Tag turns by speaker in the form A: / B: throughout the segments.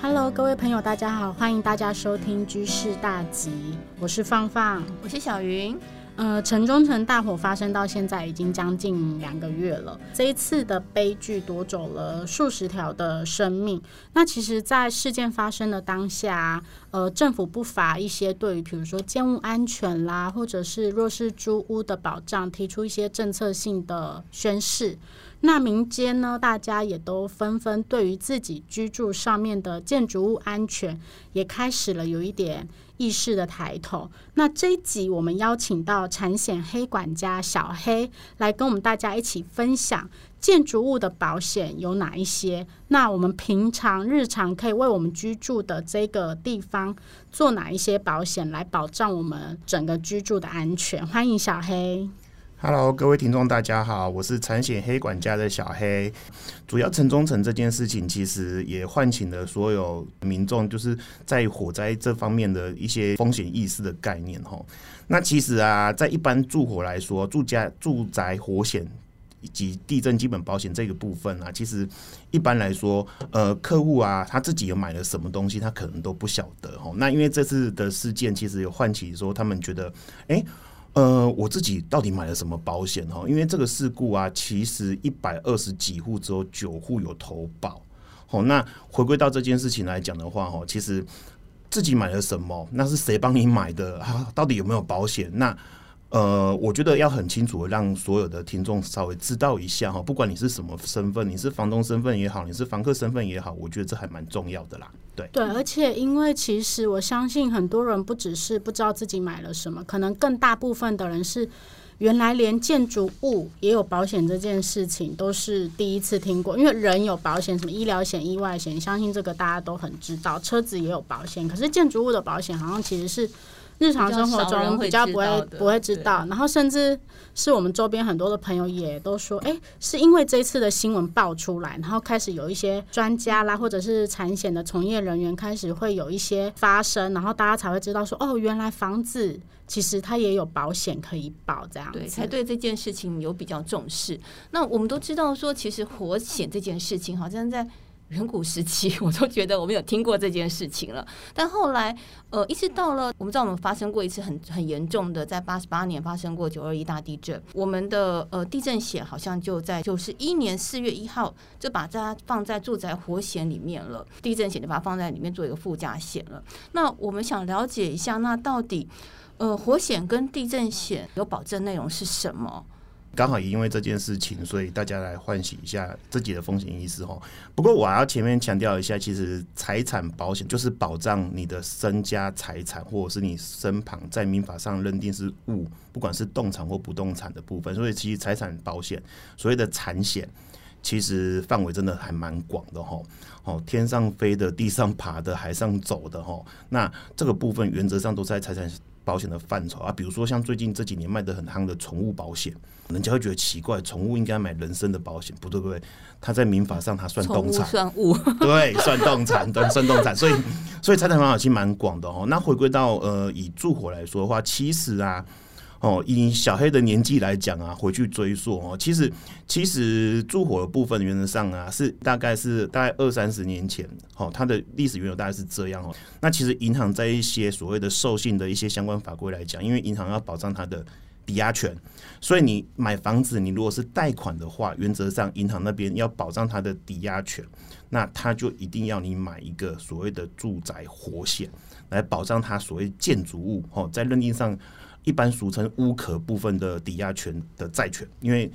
A: Hello，各位朋友，大家好，歡迎大家收聽《居室大吉》，我是放放，我是小雲。呃，城中城大火發生到現在已經將近兩個月了，這一次的悲劇奪走了數十條的生命。那其實，在事件發生的當下，呃，政府不乏一些對於比如說建物安全啦，或者是弱勢租屋的保障，提出一些政策性的宣示。那民間呢，大家也都紛紛對於自己居住上面的建築物安全，也開始了有一點意識的抬頭。那這一集我們邀請到產險黑管家小黑來跟我們大家一起分享建築物的保險有哪一些？那我們平常日常可以為我們居住的這個地方做哪一些保險來保障我們整個居住的安全？歡迎小黑。
B: Hello，各位聽眾，大家好，我是產險黑管家的小黑。主要城中城這件事情，其實也喚醒了所有民眾，就是在火災這方面的一些風險意識的概念。哈，那其實啊，在一般住火來說，住家住宅火險以及地震基本保險這個部分啊，其實一般來說，呃，客戶啊，他自己有買了什麼東西，他可能都不曉得。哈，那因為這次的事件，其實有喚起說，他們覺得，哎、欸。呃，我自己到底買了什麼保險哦？因為這個事故啊，其實一百二十幾戶只有九戶有投保。哦，那回歸到這件事情來講的話，哦，其實自己買了什麼？那是誰幫你買的啊？到底有沒有保險？那。呃，我覺得要很清楚，讓所有的聽眾稍微知道一下哈，不管你是什麼身份，你是房東身份也好，你是房客身份也好，我覺得這還蠻重要的啦。對
A: 對，而且因為其實我相信很多人不只是不知道自己買了什麼，可能更大部分的人是原來連建築物也有保險這件事情都是第一次聽過。因為人有保險，什麼醫療險、意外險，相信這個大家都很知道，車子也有保險，可是建築物的保險好像其實是。日常生活中比較不會,比較少人會知道的不會知道，然後甚至是我們周邊很多的朋友也都說，誒、欸，是因為這次的新聞爆出來，然後開始有一些專家啦，或者是產險的從業人員開始會有一些發聲，然後大家才會知道說，哦，原來房子其實它也有保險可以保這樣子，對，才對
C: 這件事情有比較重視。那我們都知道說，其實火險這件事情好像在。遠古時期，我都覺得我們有聽過這件事情了。但後來，呃，一直到了，我們知道我們發生過一次很很嚴重的，在八十八年發生過九二一大地震。我們的呃地震險好像就在九十一年四月一號就把它放在住宅火險裡面了。地震險就把它放在裡面做一個附加險了。那我們想了解一下，那到底呃火險跟地震險有保障內容是什麼？
B: 剛好也因為這件事情，所以大家來喚醒一下自己的風險意識哈。不過我要前面強調一下，其實財產保險就是保障你的身家財產，或者是你身旁在民法上認定是物，不管是動產或不動產的部分。所以其實財產保險所謂的產險，其實範圍真的還蠻廣的哈。哦，天上飛的、地上爬的、海上走的哈，那這個部分原則上都是在財產保險的範疇啊，比如說像最近這幾年賣得很夯的寵物保險，人家會覺得奇怪，寵物應該買人身的保險，不對不對，它在民法上它算動產，寵物算物，對 算，對，算動產，但算動產，所以所以財產保險期蠻廣的哦、喔。那回歸到呃以住火來說的話，其實啊。哦，以小黑的年紀來講啊，回去追溯哦，其實其實住火的部分原則上啊是大概是大概二三十年前，好，它的歷史緣由大概是這樣哦。那其實銀行在一些所謂的授信的一些相關法規來講，因為銀行要保障它的抵押權，所以你買房子，你如果是貸款的話，原則上銀行那邊要保障它的抵押權，那他就一定要你買一個所謂的住宅火險來保障它所謂建築物哦，在認定上。一般俗稱屋殼部分的抵押權的債權，因為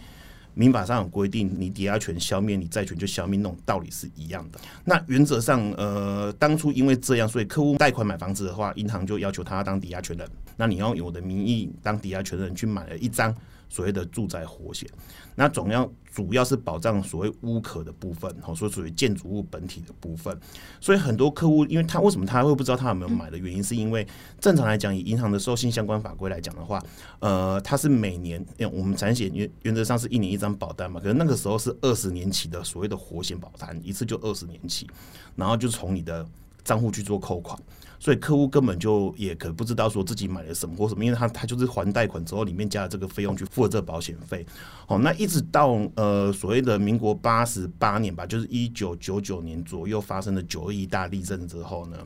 B: 民法上有規定，你抵押權消滅，你債權就消滅，那種道理是一樣的。那原則上，呃，當初因為這樣，所以客戶貸款買房子的話，銀行就要求他要當抵押權人。那你要用我的名義當抵押權人去買了一張。所謂的住宅火險，那總要主要是保障所謂屋殼的部分，所以屬於建築物本體的部分。所以很多客戶，因為他為什麼他會不知道他有沒有買的原因，是因為正常來講，以銀行的授信相關法規來講的話，呃，它是每年，因為我們產險原原則上是一年一張保單嘛，可是那個時候是二十年期的所謂的火險保單，一次就二十年期，然後就從你的賬戶去做扣款。所以客戶根本就也可不知道說自己買了什麼或什麼，因為他他就是還貸款之後，裡面加了這個費用去付了這個保險費。好，那一直到呃所謂的民國八十八年吧，就是一九九九年左右發生的九二一大地震之後呢，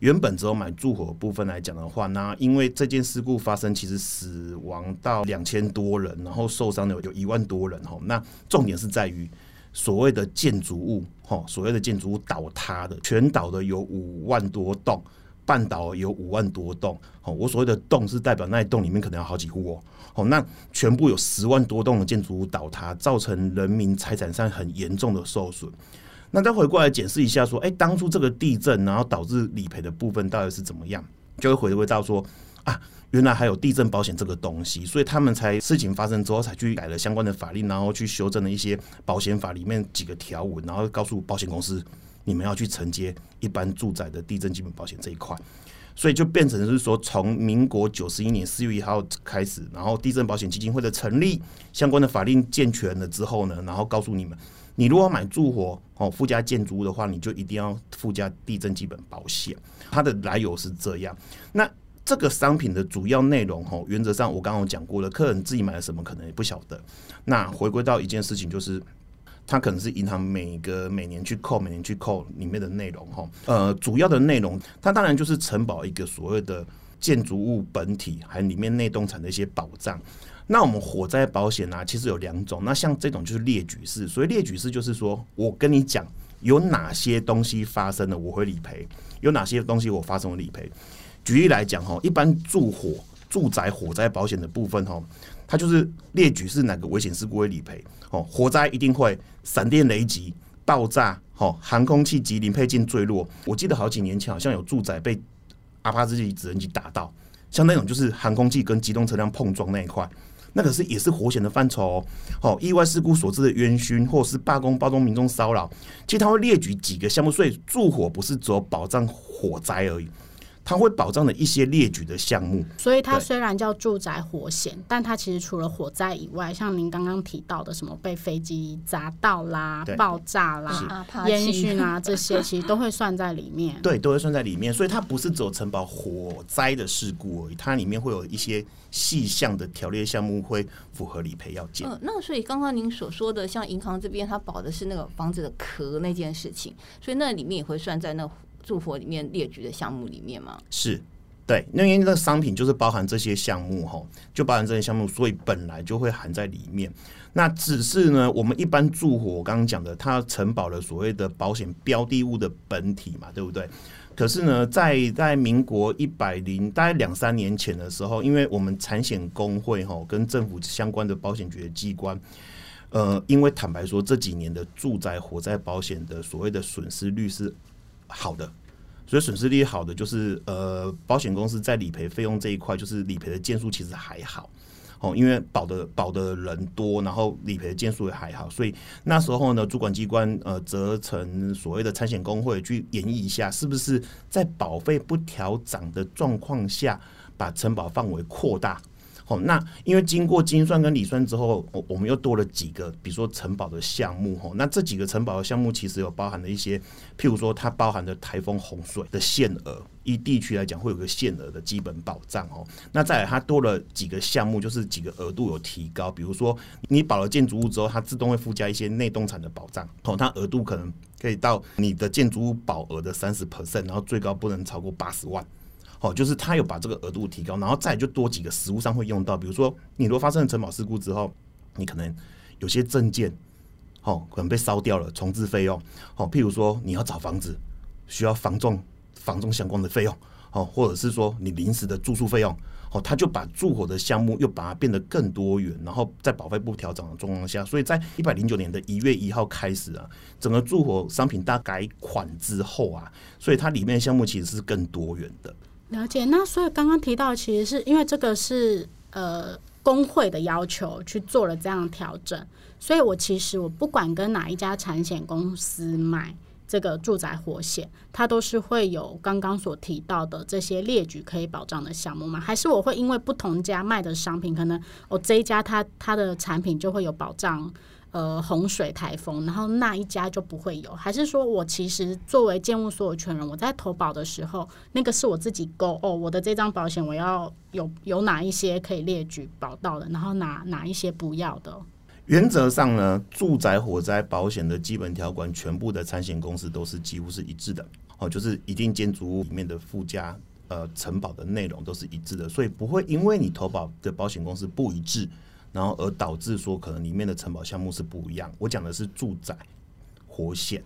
B: 原本只有買住火部分來講的話，那因為這件事故發生，其實死亡到兩千多人，然後受傷的有一萬多人。吼，那重點是在於所謂的建築物，吼，所謂的建築物倒塌的全倒的有五萬多棟。半倒有五萬多棟，哦，我所謂的棟是代表那一棟裡面可能有好幾戶哦、喔，那全部有十萬多棟的建築物倒塌，造成人民財產上很嚴重的受損。那再回過來解釋一下，說，哎、欸，當初這個地震，然後導致理賠的部分到底是怎麼樣，就會回歸到說，啊，原來還有地震保險這個東西，所以他們才事情發生之後才去改了相關的法令，然後去修正了一些保險法裡面幾個條文，然後告訴保險公司，你們要去承接一般住宅的地震基本保險這一塊，所以就變成是說，從民國九十一年四月一號開始，然後地震保險基金會的成立，相關的法令健全了之後呢，然後告訴你們，你如果買住火哦附加建築物的話，你就一定要附加地震基本保險。它的來由是這樣。那這個商品的主要內容哦，原則上我剛剛講過了，客人自己買了什麼可能也不曉得。那回歸到一件事情就是。它可能是銀行每個每年去扣，每年去扣裡面的內容哈，呃，主要的內容它當然就是承保一個所謂的建築物本體，還有裡面內動產的一些保障。那我們火災保險呢，啊，其實有兩種，那像這種就是列舉式，所以列舉式就是說，我跟你講有哪些東西發生了我會理賠，有哪些東西我發生了理賠。舉例來講哈，一般住火住宅火災保險的部分哈。它就是列舉是哪個危險事故會理賠哦，火災一定會，閃電雷擊、爆炸，哦，航空器及零配件墜落。我記得好幾年前好像有住宅被阿帕契直升機打到，像那種就是航空器跟機動車輛碰撞那一塊，那可是也是火險的範疇哦。意外事故所致的煙燻，或是罷工、暴動、民眾騷擾，其實它會列舉幾個項目，所以住火不是只有保障火災而已。它會保障的一些列舉的項目，
A: 所以它雖然叫住宅火險，但它其實除了火災以外，像您剛剛提到的什麼被飛機砸到啦、爆炸啦、煙燻啊這些，
B: 其實都會算在裡面。 對，都會算在裡面。所以它不是只有承保火災的事故而已，它裡面會有一些細項的條列項目會符合理賠要件。
C: 嗯、呃，那所以剛剛您所說的，像銀行這邊它保的是那個房子的殼那件事情，所以那裡面也會算在那。住火裡面列舉的項目裡面嗎？
B: 是，對，因為那個商品就是包含這些項目哈，就包含這些項目，所以本來就會含在裡面。那只是呢，我們一般住火我剛剛講的，它承保了所謂的保險標的物的本體嘛，對不對？可是呢，在在民國一百零大概兩三年前的時候，因為我們產險公會哈跟政府相關的保險局的機關，呃，因為坦白說這幾年的住宅火災保險的所謂的損失率是。好的，所以損失率好的就是呃，保險公司在理賠費用這一塊，就是理賠的件數其實還好哦，因為保的保的人多，然後理賠的件數也還好，所以那時候呢，主管機關呃責成所謂的產險公會去研議一下，是不是在保費不調漲的狀況下，把承保範圍擴大。哦，那因為經過精算跟理算之後，我我們又多了幾個，比如說承保的項目，吼，那這幾個承保的項目其實有包含了一些，譬如說它包含的台風洪水的限額，以地區來講會有個限額的基本保障，哦。那再來它多了幾個項目，就是幾個額度有提高，比如說你保了建築物之後，它自動會附加一些內動產的保障，吼，它額度可能可以到你的建築物保額的三十 percent，然後最高不能超過八十萬。哦，就是他有把這個額度提高，然後再就多幾個實務上會用到，比如說你如果發生了承保事故之後，你可能有些證件，哦，可能被燒掉了，重置費用，哦，譬如說你要找房子需要房仲、房仲相關的費用，哦，或者是說你臨時的住宿費用，哦，他就把住火的項目又把它變得更多元，然後在保費不調整的狀況下，所以在一百零九年的一月一號開始啊，整個住火商品大改款之後啊，所以它裡面的項目其實是更多元的。
A: 了解，那所以剛剛提到，其實是因為這個是呃工會的要求去做了這樣調整，所以我其實我不管跟哪一家產險公司買這個住宅火險，它都是會有剛剛所提到的這些列舉可以保障的項目嘛？還是我會因為不同家賣的商品，可能我，哦，這一家它它的產品就會有保障？呃，洪水、颱風，然後那一家就不會有，還是說我其實作為建物所有權人，我在投保的時候，那個是我自己勾哦，我的這張保險我要有有哪一些可以列舉保到的，然後哪哪一些不要的？
B: 原則上呢，住宅火災保險的基本條款，全部的產險公司都是幾乎是一致的，哦，就是一定建築物裡面的附加呃承保的內容都是一致的，所以不會因為你投保的保險公司不一致。然後而導致說可能裡面的承保項目是不一樣，我講的是住宅、火險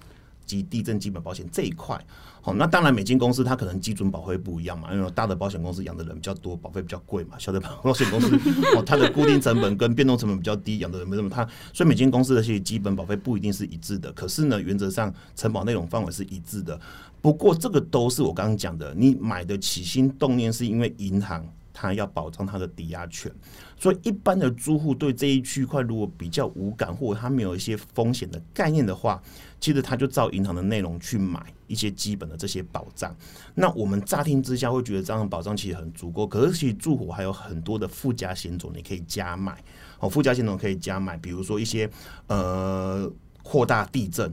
B: 及地震基本保險這一塊。好，那當然每間公司它可能基準保費不一樣嘛，因為大的保險公司養的人比較多，保費比較貴嘛。小的保險公司哦，它的固定成本跟變動成本比較低，養的人沒那麼怕，所以每間公司的些基本保費不一定是一致的。可是呢，原則上承保內容範圍是一致的。不過這個都是我剛剛講的，你買的起心動念是因為銀行，他要保障他的抵押權，所以一般的住戶對這一區塊如果比較無感，或者他沒有一些風險的概念的話，其實他就照銀行的內容去買一些基本的這些保障。那我們乍聽之下會覺得這樣的保障其實很足夠，可是其實住戶還有很多的附加險種你可以加買，哦，附加險種可以加買，比如說一些呃擴大地震，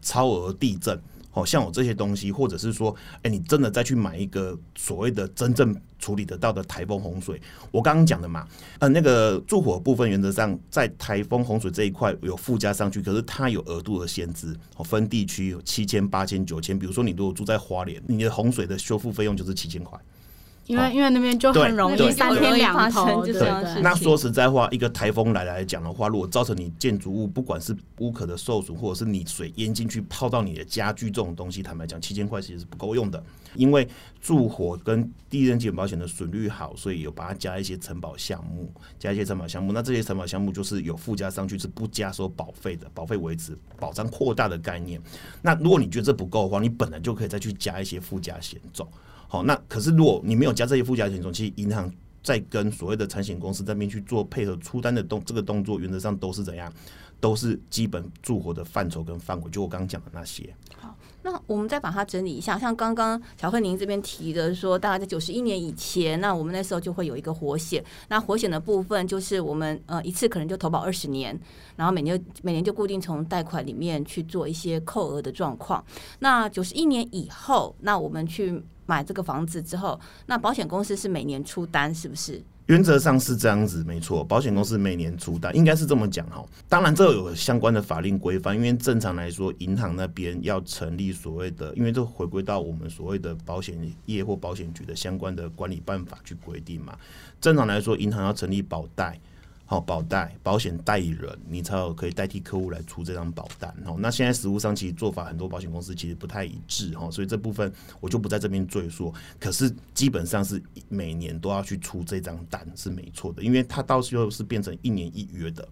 B: 超額地震，好像我這些東西，或者是說，誒你真的再去買一個所謂的真正。處理得到的台風洪水，我剛剛講的嘛，嗯，那個住火部分原則上在台風洪水這一塊有附加上去，可是它有額度的限制，哦，分地區有七千、八千、九千。比如說，你如果住在花蓮，你的洪水的修復費用就是七千塊。
A: 因為因為那邊就很容易三天兩頭就是這樣事情。啊，對，對，對，對，對，那說
B: 實在話，一個台風來來講的話，如果造成你建築物不管是屋殼的受損，或者是你水淹進去泡到你的家具這種東西，坦白講，七千塊其實是不夠用的。因為住火跟地震基本保險的損率好，所以有把它加一些承保項目，加一些承保項目。那這些承保項目就是有附加上去是不加收保費的，保費維持保障擴大的概念。那如果你覺得這不夠的話，你本來就可以再去加一些附加險種。好，那可是如果你沒有加這些附加險種，其實銀行在跟所謂的產險公司這邊去做配合出單的動這個動作，原則上都是怎樣？都是基本住火的範疇跟範圍，就我剛剛講的那些。
C: 好，那我們再把它整理一下，像剛剛小黑您這邊提的說，大概在九十一年以前，那我們那時候就會有一個火險，那火險的部分就是我們呃一次可能就投保二十年，然後每年每年就固定從貸款裡面去做一些扣額的狀況。那九十一年以後，那我們去買這個房子之後，那保險公司是每年出單，是不是？
B: 原則上是這樣子，沒錯。保險公司每年出單，應該是這麼講哈。當然，這有相關的法令規範，因為正常來說，銀行那邊要成立所謂的，因為這回歸到我們所謂的保險業或保險局的相關的管理辦法去規定嘛。正常來說，銀行要成立保代。好，保代、保險代理人，你才有可以代替客戶來出這張保單。哦，那現在實務上其實做法很多，保險公司其實不太一致。哦，所以這部分我就不在這邊贅述。可是基本上是每年都要去出這張單是沒錯的，因為它到時候是變成一年一約的。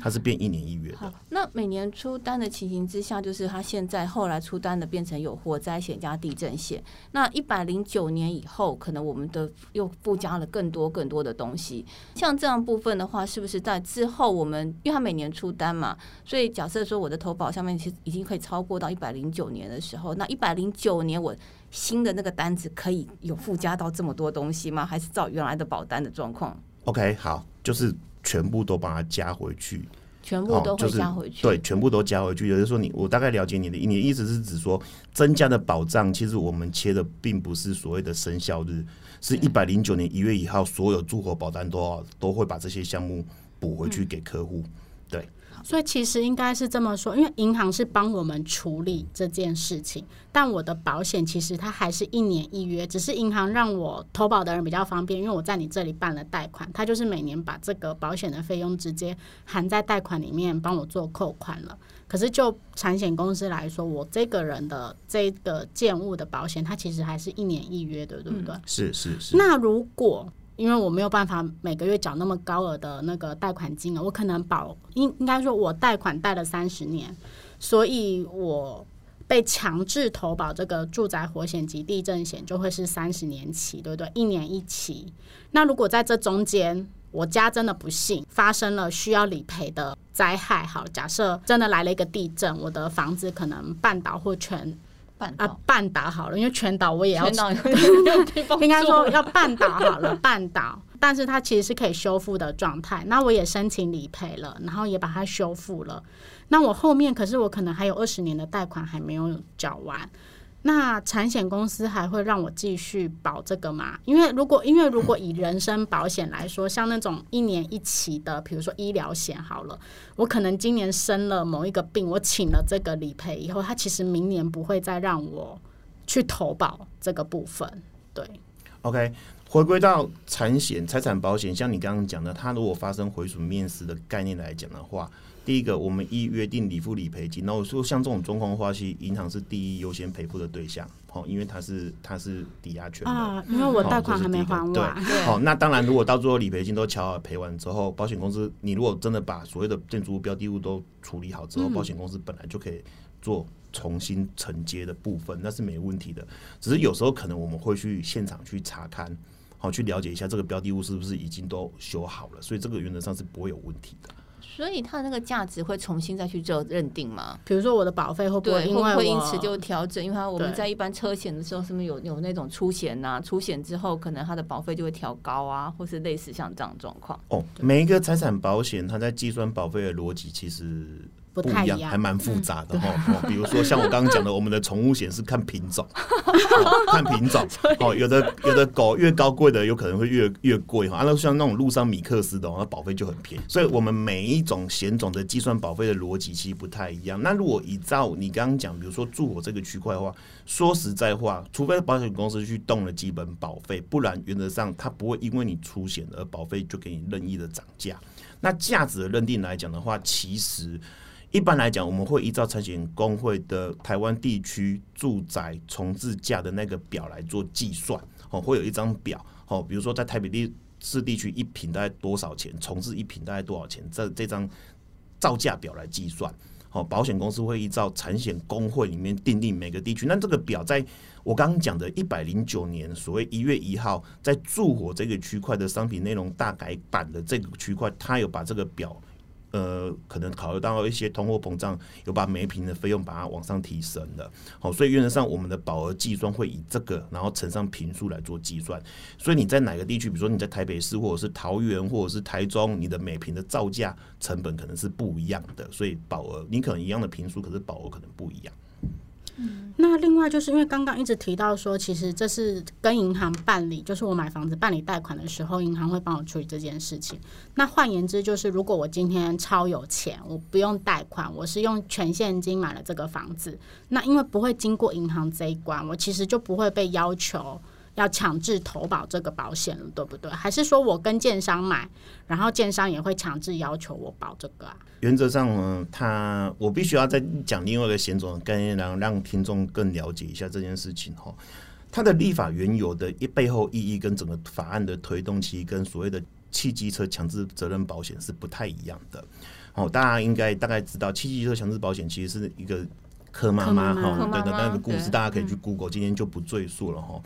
B: 它是變一年一月的。嗯，
C: 那每年出單的情形之下，就是它現在後來出單的變成有火災險加地震險。那一百零九年以後，可能我們的又附加了更多更多的東西。像這樣部分的話，是不是在之後我們因為它每年出單嘛，所以假設說我的投保上面其實已經可以超過到一百零九年的時候，那一百零九年我新的那個單子可以有附加到這麼多東西嗎？還是照原來的保單的狀況
B: ？OK，好，就是。全部都把它加回去，全部
C: 都加回去、哦，就是嗯，對，
B: 全部都加回去。有、嗯、就說你，你我大概了解你的，你的意思是指說增加的保障，其實我們切的並不是所謂的生效日，是一百零九年一月一號，所有住火保單都、嗯、都會把這些項目補回去給客戶、嗯，對。
A: 所以其實應該是這麼說，因為銀行是幫我們處理這件事情，但我的保險其實它還是一年一約，只是銀行讓我投保的人比較方便，因為我在你這裡辦了貸款，它就是每年把這個保險的費用直接含在貸款裡面幫我做扣款了。可是就產險公司來說，我這個人的這個建物的保險，它其實還是一年一約的，對不對？嗯、是是是。那如果。因為我沒有辦法每個月繳那麼高額的那個貸款金額，我可能保應應該說我貸款貸了三十年，所以我被強制投保這個住宅火險及地震險就會是三十年期，對不對？一年一期。那如果在這中間，我家真的不幸發生了需要理賠的災害，好，假設真的來了一個地震，我的房子可能半倒或全。啊，半倒好了，因為全倒我也要。也 應該說要半倒好了， 半倒，但是它其實是可以修復的狀態。那我也申請理賠了，然後也把它修復了。那我後面，可是我可能還有二十年的貸款還沒有繳完。那產險公司還會讓我繼續保這個嗎？因為如果因為如果以人身保險來說，像那種一年一期的，比如說醫療險好了，我可能今年生了某一個病，我請了這個理賠以後，他其實明年不會再讓我去投保這個部分。
B: 對，OK，回歸到產險財產保險，像你剛剛講的，它如果發生回溯面試的概念來講的話，第一個，我們依約定理付理賠金，然後說像這種狀況的話，是銀行是第一優先賠付的對象，好，因為它是它是抵押權的、啊，因為我貸款，款還沒還完、啊，對，好、哦，那當然，如果到最後理賠金都繳好賠完之後，保險公司，你如果真的把所有的建築物標的物都處理好之後，嗯、保險公司本來就可以做重新承接的部分，那是沒問題的。只是有時候可能我們會去現場去查看，好、哦、去了解一下這個標的物是不是已經都修好了，所以這個原則上是不會有問題的。
C: 所以它的那個價值會重新再去做認定嗎？比如
A: 說我的保費
C: 會，會，會不會因此就調整？因為我們在一般車險的時候，是不是有有那種出險啊？出險之後，可能它的保費就會調高啊，或是類似像這樣狀況。
B: 哦，每一個財產保險，它在計算保費的邏輯其實。不一，不一樣，還蠻複雜的哈、哦。比如說，像我剛剛講的， 我們的寵物險是看品種、哦，看品種。哦。有的有的狗越高貴的，有可能會越越貴哈。阿、哦啊、像那種路上米克斯的，那、哦、保費就很便宜。所以我們每一種險種的計算保費的邏輯其實不太一樣。那如果依照你剛剛講，比如說住我這個區塊的話，說實在話，除非保險公司去動了基本保費，不然原則上它不會因為你出險而保費就給你任意的漲價。那價值的認定來講的話，其實。一般來講，我們會依照產險工會的台灣地區住宅重置價的那個表來做計算哦，會有一張表哦，比如說在台北地市地區一坪大概多少錢，重置一坪大概多少錢，這這張造價表來計算哦，保險公司會依照產險工會裡面訂定每個地區，那這個表在我剛剛講的一百零九年所謂一月一號在住火這個區塊的商品內容大改版的這個區塊，它有把這個表。呃，可能考慮到一些通貨膨脹，有把每坪的費用把它往上提升的，好，所以原則上我們的保額計算會以這個，然後乘上坪數來做計算。所以你在哪個地區，比如說你在台北市，或者是桃園，或者是台中，你的每坪的造價成本可能是不一樣的，所以保額你可能一樣的坪數，可是保額可能不一樣。
A: 嗯，那另外就是因為剛剛一直提到說，其實這是跟銀行辦理，就是我買房子辦理貸款的時候，銀行會幫我處理這件事情。那換言之，就是如果我今天超有錢，我不用貸款，我是用全現金買了這個房子，那因為不會經過銀行這一關，我其實就不會被要求，要強制投保這個保險了，對不對？還是說我跟建商買，然後建商也會強制要求我保這個啊？
B: 原則上呢，他我必須要再講另外一個險種跟概讓聽眾更了解一下這件事情哈。他的立法原有的一背後意義，跟整個法案的推動期，其實跟所謂的汽機車強制責任保險是不太一樣的。哦，大家應該大概知道汽機車強制保險其實是一個柯媽媽哈，對的，那個故事大家可以去 Google，今天就不贅述了哈。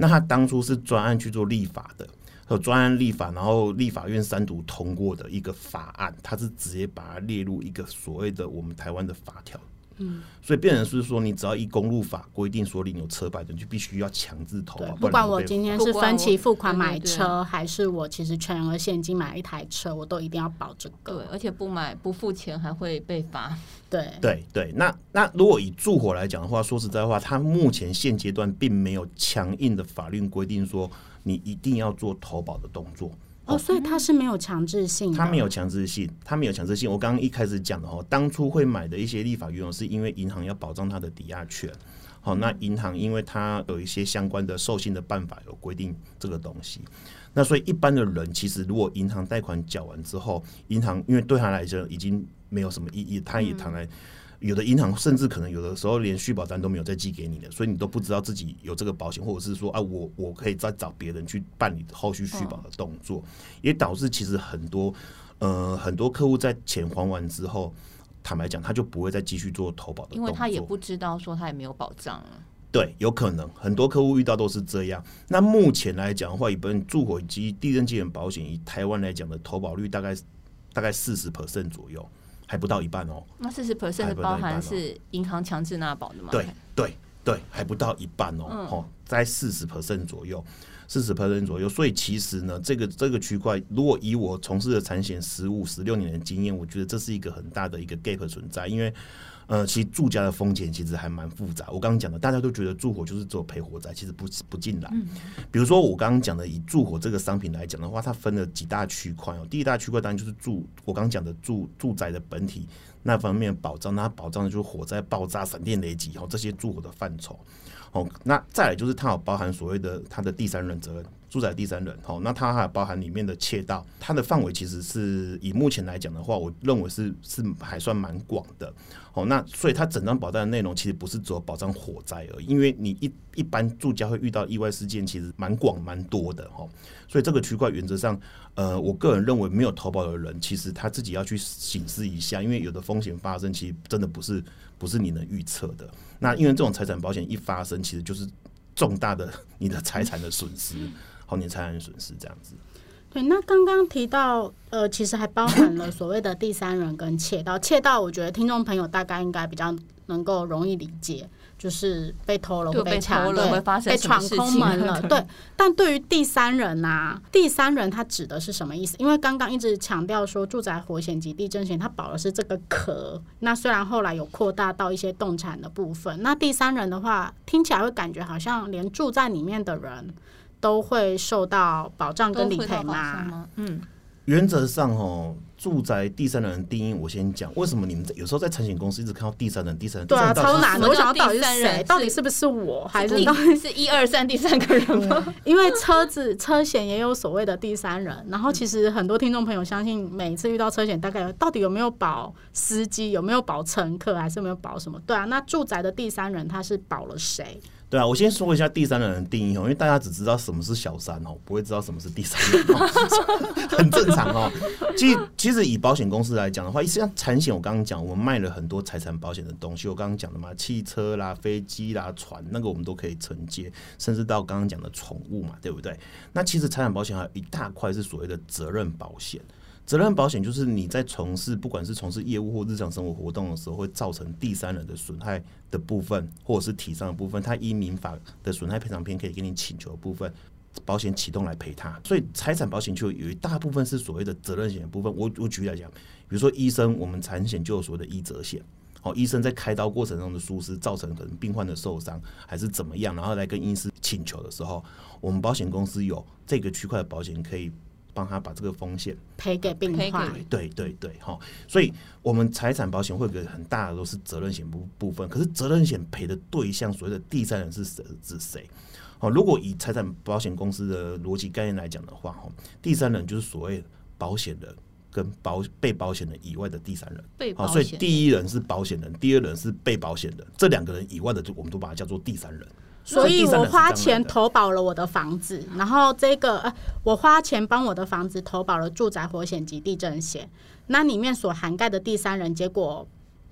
B: 那他當初是專案去做立法的，和專案立法，然後立法院三讀通過的一個法案，他是直接把它列入一個所謂的我們台灣的法條。嗯，所以變成是說，你只要依公路法規定說，你有車牌的，你就必須要強制投保。不管我今天是分期付款買車，對對
A: 對對，還是我其實全額現金買一台車，我都一定要保這個。對，而且不買不付錢還會被罰。對，
B: 對，對。那那如果以住火來講的話，說實在的話，他目前現階段並沒有強硬的法律規定說你一定要做投保的動作。哦，所以它是沒有強制性的。嗯，它沒有強制性，它沒有強制性。我剛剛一開始講的哦，當初會買的一些立法內容，是因為銀行要保障它的抵押權。好、嗯，那銀行因為它有一些相關的授信的辦法有規定這個東西，那所以一般的人其實如果銀行貸款繳完之後，銀行因為對他來講已經沒有什麼意義，他也談來。嗯有的銀行甚至可能有的時候連續保單都沒有再寄給你的，所以你都不知道自己有這個保險，或者是說啊，我我可以再找別人去辦理後續續保的動作，哦、也導致其實很多呃很多客戶在錢還完之後，坦白講，他就不會再繼續做投保的動作，因為他也不
C: 知道說他也沒有保
B: 障啊。對，有可能很多客戶遇到都是這樣。那目前來講的話，一般住宅火險、地震基本保險以台灣來講的投保率大概大概四十 percent 左右。還不到一半哦，那
C: 四十 percent 的包含是銀行強制納保的嗎？對
B: 對對，還不到一半哦，吼，在四十 percent 左右，四十 percent 左右，所以其實呢，這個這個區塊，如果以我從事的產險十五、十六年的經驗，我覺得這是一個很大的一個 gap 存在，因為。呃，其實住家的風險其實還蠻複雜。我剛剛講的，大家都覺得住火就是只有賠火災，其實不不盡然。比如說我剛剛講的，以住火這個商品來講的話，它分了幾大區塊哦。第一大區塊當然就是住，我剛剛講的住住宅的本體那方面保障，那它保障的就是火災、爆炸、閃電、雷擊哦，這些住火的範疇。哦，那再來就是它有包含所謂的它的第三人責任，住宅第三人哦。那它還有包含裡面的竊盜，它的範圍其實是，以目前來講的話，我認為是是還算蠻廣的。哦，那所以它整張保單的內容其實不是只有保障火災而已，因為你一一般住家會遇到意外事件，其實蠻廣蠻多的哈。所以這個區塊原則上，呃，我個人認為沒有投保的人，其實他自己要去審視一下，因為有的風險發生，其實真的不是不是你能預測的。那因為這種財產保險一發生，其實就是重大的你的財產的損失，好，你財產損失這樣子。
A: 對，那剛剛提到，呃，其實還包含了所謂的第三人跟竊盜。竊盜，我覺得聽眾朋友大概應該比較能夠容易理解，就是被偷了會被搶被了，會發生被闖空門了、那個。對，但對於第三人吶、啊，第三人他指的是什麼意思？因為剛剛一直強調說，住宅火險及地震險，他保的是這個殼。那雖然後來有擴大到一些動產的部分，那第三人的話，聽起來會感覺好像連住在裡面的人。都會受到保障跟理賠嗎？嗯，
B: 原則上哦，住宅第三人的定義，我先講為什麼你們有時候在產險公司一直看到第三人、第三人。對啊，超難的，我想要到底是誰？
A: 到底，是是到底是不是我，是你還是到底是一二三第三個人嗎？嗯、因為車子 車險也有所謂的第三人，然後其實很多聽眾朋友相信，每次遇到車險，大概到底有沒有保司機，有沒有保乘客，還是有沒有保什麼？對啊，那住宅的第三人他是保了誰？
B: 對啊，我先說一下第三人的定義哦，因為大家只知道什麼是小三哦，不會知道什麼是第三人哦。 很正常哦。其實，其實以保險公司來講的話，實際上產險我剛剛講，我們賣了很多財產保險的東西，我剛剛講的嘛，汽車啦、飛機啦、船，那個我們都可以承接，甚至到剛剛講的寵物嘛，對不對？那其實財產保險還有一大塊是所謂的責任保險。責任保險就是你在從事不管是從事業務或日常生活活動的時候，會造成第三人的損害的部分，或者是體傷的部分，他依民法的損害賠償篇可以給你請求的部分，保險啟動來賠他。所以財產保險就有一大部分是所謂的責任險的部分。我我舉例來講，比如說醫生，我們產險就有所謂的醫責險。哦，醫生在開刀過程中的疏失造成可能病患的受傷還是怎麼樣，然後來跟醫師請求的時候，我們保險公司有這個區塊的保險可以。幫他把這個風險
A: 賠給病患，
B: 對對對，哈，所以我們財產保險會有很大的都是責任險部部分，可是責任險賠的對象所謂的第三人是誰？指誰？哦，如果以財產保險公司的邏輯概念來講的話，哈，第三人就是所謂保險人跟保被保險人以外的第三人。被所以第一人是保險人，第二人是被保險人，這兩個人以外的，就我們都把它叫做第三人。所以我花錢投
A: 保了我的房子，然，然後這個呃、啊，我花錢幫我的房子投保了住宅火險及地震險，那裡面所涵蓋的第三人，結果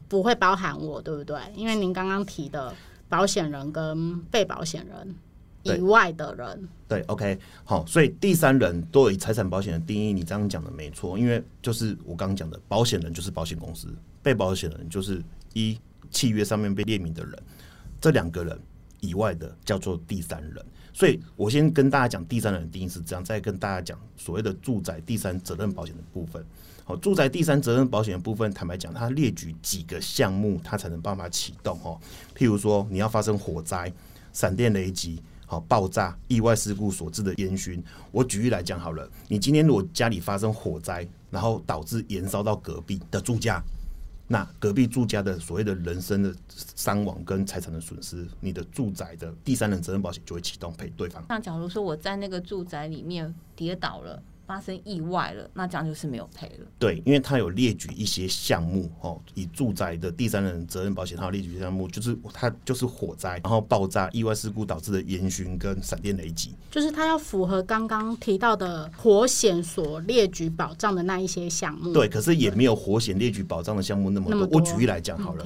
A: 不會包含我，對不對？因為您剛剛提的保險人跟被保險人以外的人，
B: 對，對，OK，好，所以第三人都以財產保險的定義，你這樣講的沒錯，因為就是我剛剛講的，保險人就是保險公司，被保險人就是一契約上面被列明的人，這兩個人。以外的叫做第三人，所以我先跟大家講第三人的定義是這樣，再跟大家講所謂的住宅第三責任保險的部分。好，住宅第三責任保險的部分，坦白講，它列舉幾個項目，它才能辦法啟動哦。譬如說，你要發生火災、閃電雷擊、好爆炸、意外事故所致的煙燻，我舉例來講好了，你今天如果家裡發生火災，然後導致延燒到隔壁的住家。那隔壁住家的所謂的人身的傷亡跟財產的損失，你的住宅的第三人責任保險就會啟動賠對方。
C: 那假如說我在那個住宅裡面跌倒了。發生意外了，那這樣就是沒有賠了。
B: 對，因為他有列舉一些項目哦，以住宅的第三人責任保險，他有列舉項目，就是他就是火災，然後爆炸、意外事故導致的煙燻跟閃電雷擊，
A: 就是他要符合剛剛提到的火險所列舉保障的那一些項目。對，可是
B: 也沒有火險列舉保障的項目那麼多。我舉例來講好了。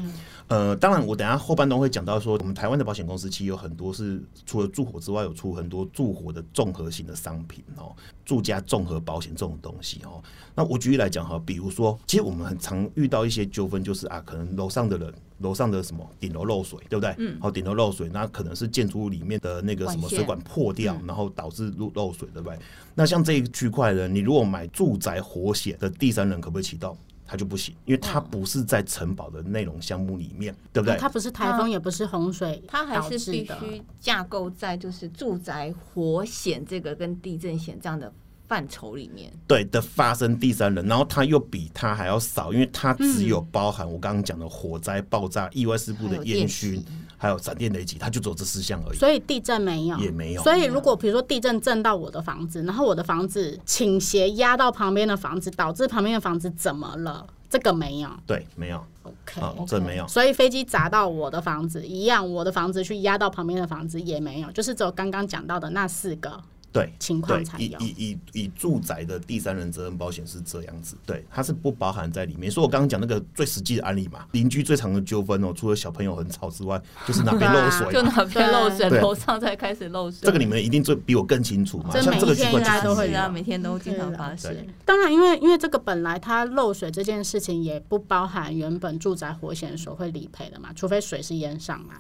B: 呃，當然，我等下後半段會講到說，我們台灣的保險公司其實有很多是除了住火之外，有出很多住火的綜合型的商品哦，住家綜合保險這種東西哦。那我舉例來講哈，比如說，其實我們很常遇到一些糾紛，就是啊，可能樓上的人，樓上的什麼頂樓漏水，對不對？嗯。好，頂樓漏水，那可能是建築物裡面的那個什麼水管破掉，然後導致漏漏水，對不對？那像這一區塊呢，你如果買住宅火險的第三人，可不可以啟動？它就不行，因為它不是在承保的內容項目裡面，哦、對不對它？它不
A: 是台風，嗯、也不是洪水，它還
B: 是必須
C: 架構在就是住宅火險這個跟地震險這樣的範疇裡面。
B: 對的發生第三人，然後它又比它還要少，嗯、因為它只有包含我剛剛講的火災、爆炸、意外事故的煙燻。還有閃電雷擊，它就只有這四項而已。所
A: 以地震沒有，也沒有。所以如果比如說地震震到我的房子，然後我的房子傾斜壓到旁邊的房子，導致旁邊的房子怎麼了？這個沒有。
B: 對，沒有。OK，這、OK、沒有。所
A: 以飛機砸到我的房子一樣，我的房子去壓到旁邊的房子也沒有，就是只有剛剛講到的那四個。
B: 對情況才，對，以以以以住宅的第三人責任保險是這樣子，對，它是不包含在裡面。所以我剛剛講那個最實際的案例嘛，鄰居最常的糾紛哦，除了小朋友很吵之外， 就是哪邊漏， 漏水，就哪邊漏水，樓上
A: 才開始漏水。這個
B: 你們一定比比我更清楚嘛，就像這個情況大家都會
C: 知道，每天都經常發
A: 生。當然，因為因為這個本來它漏水這件事情也不包含原本住宅火險所會理賠的嘛，除非水是淹上來。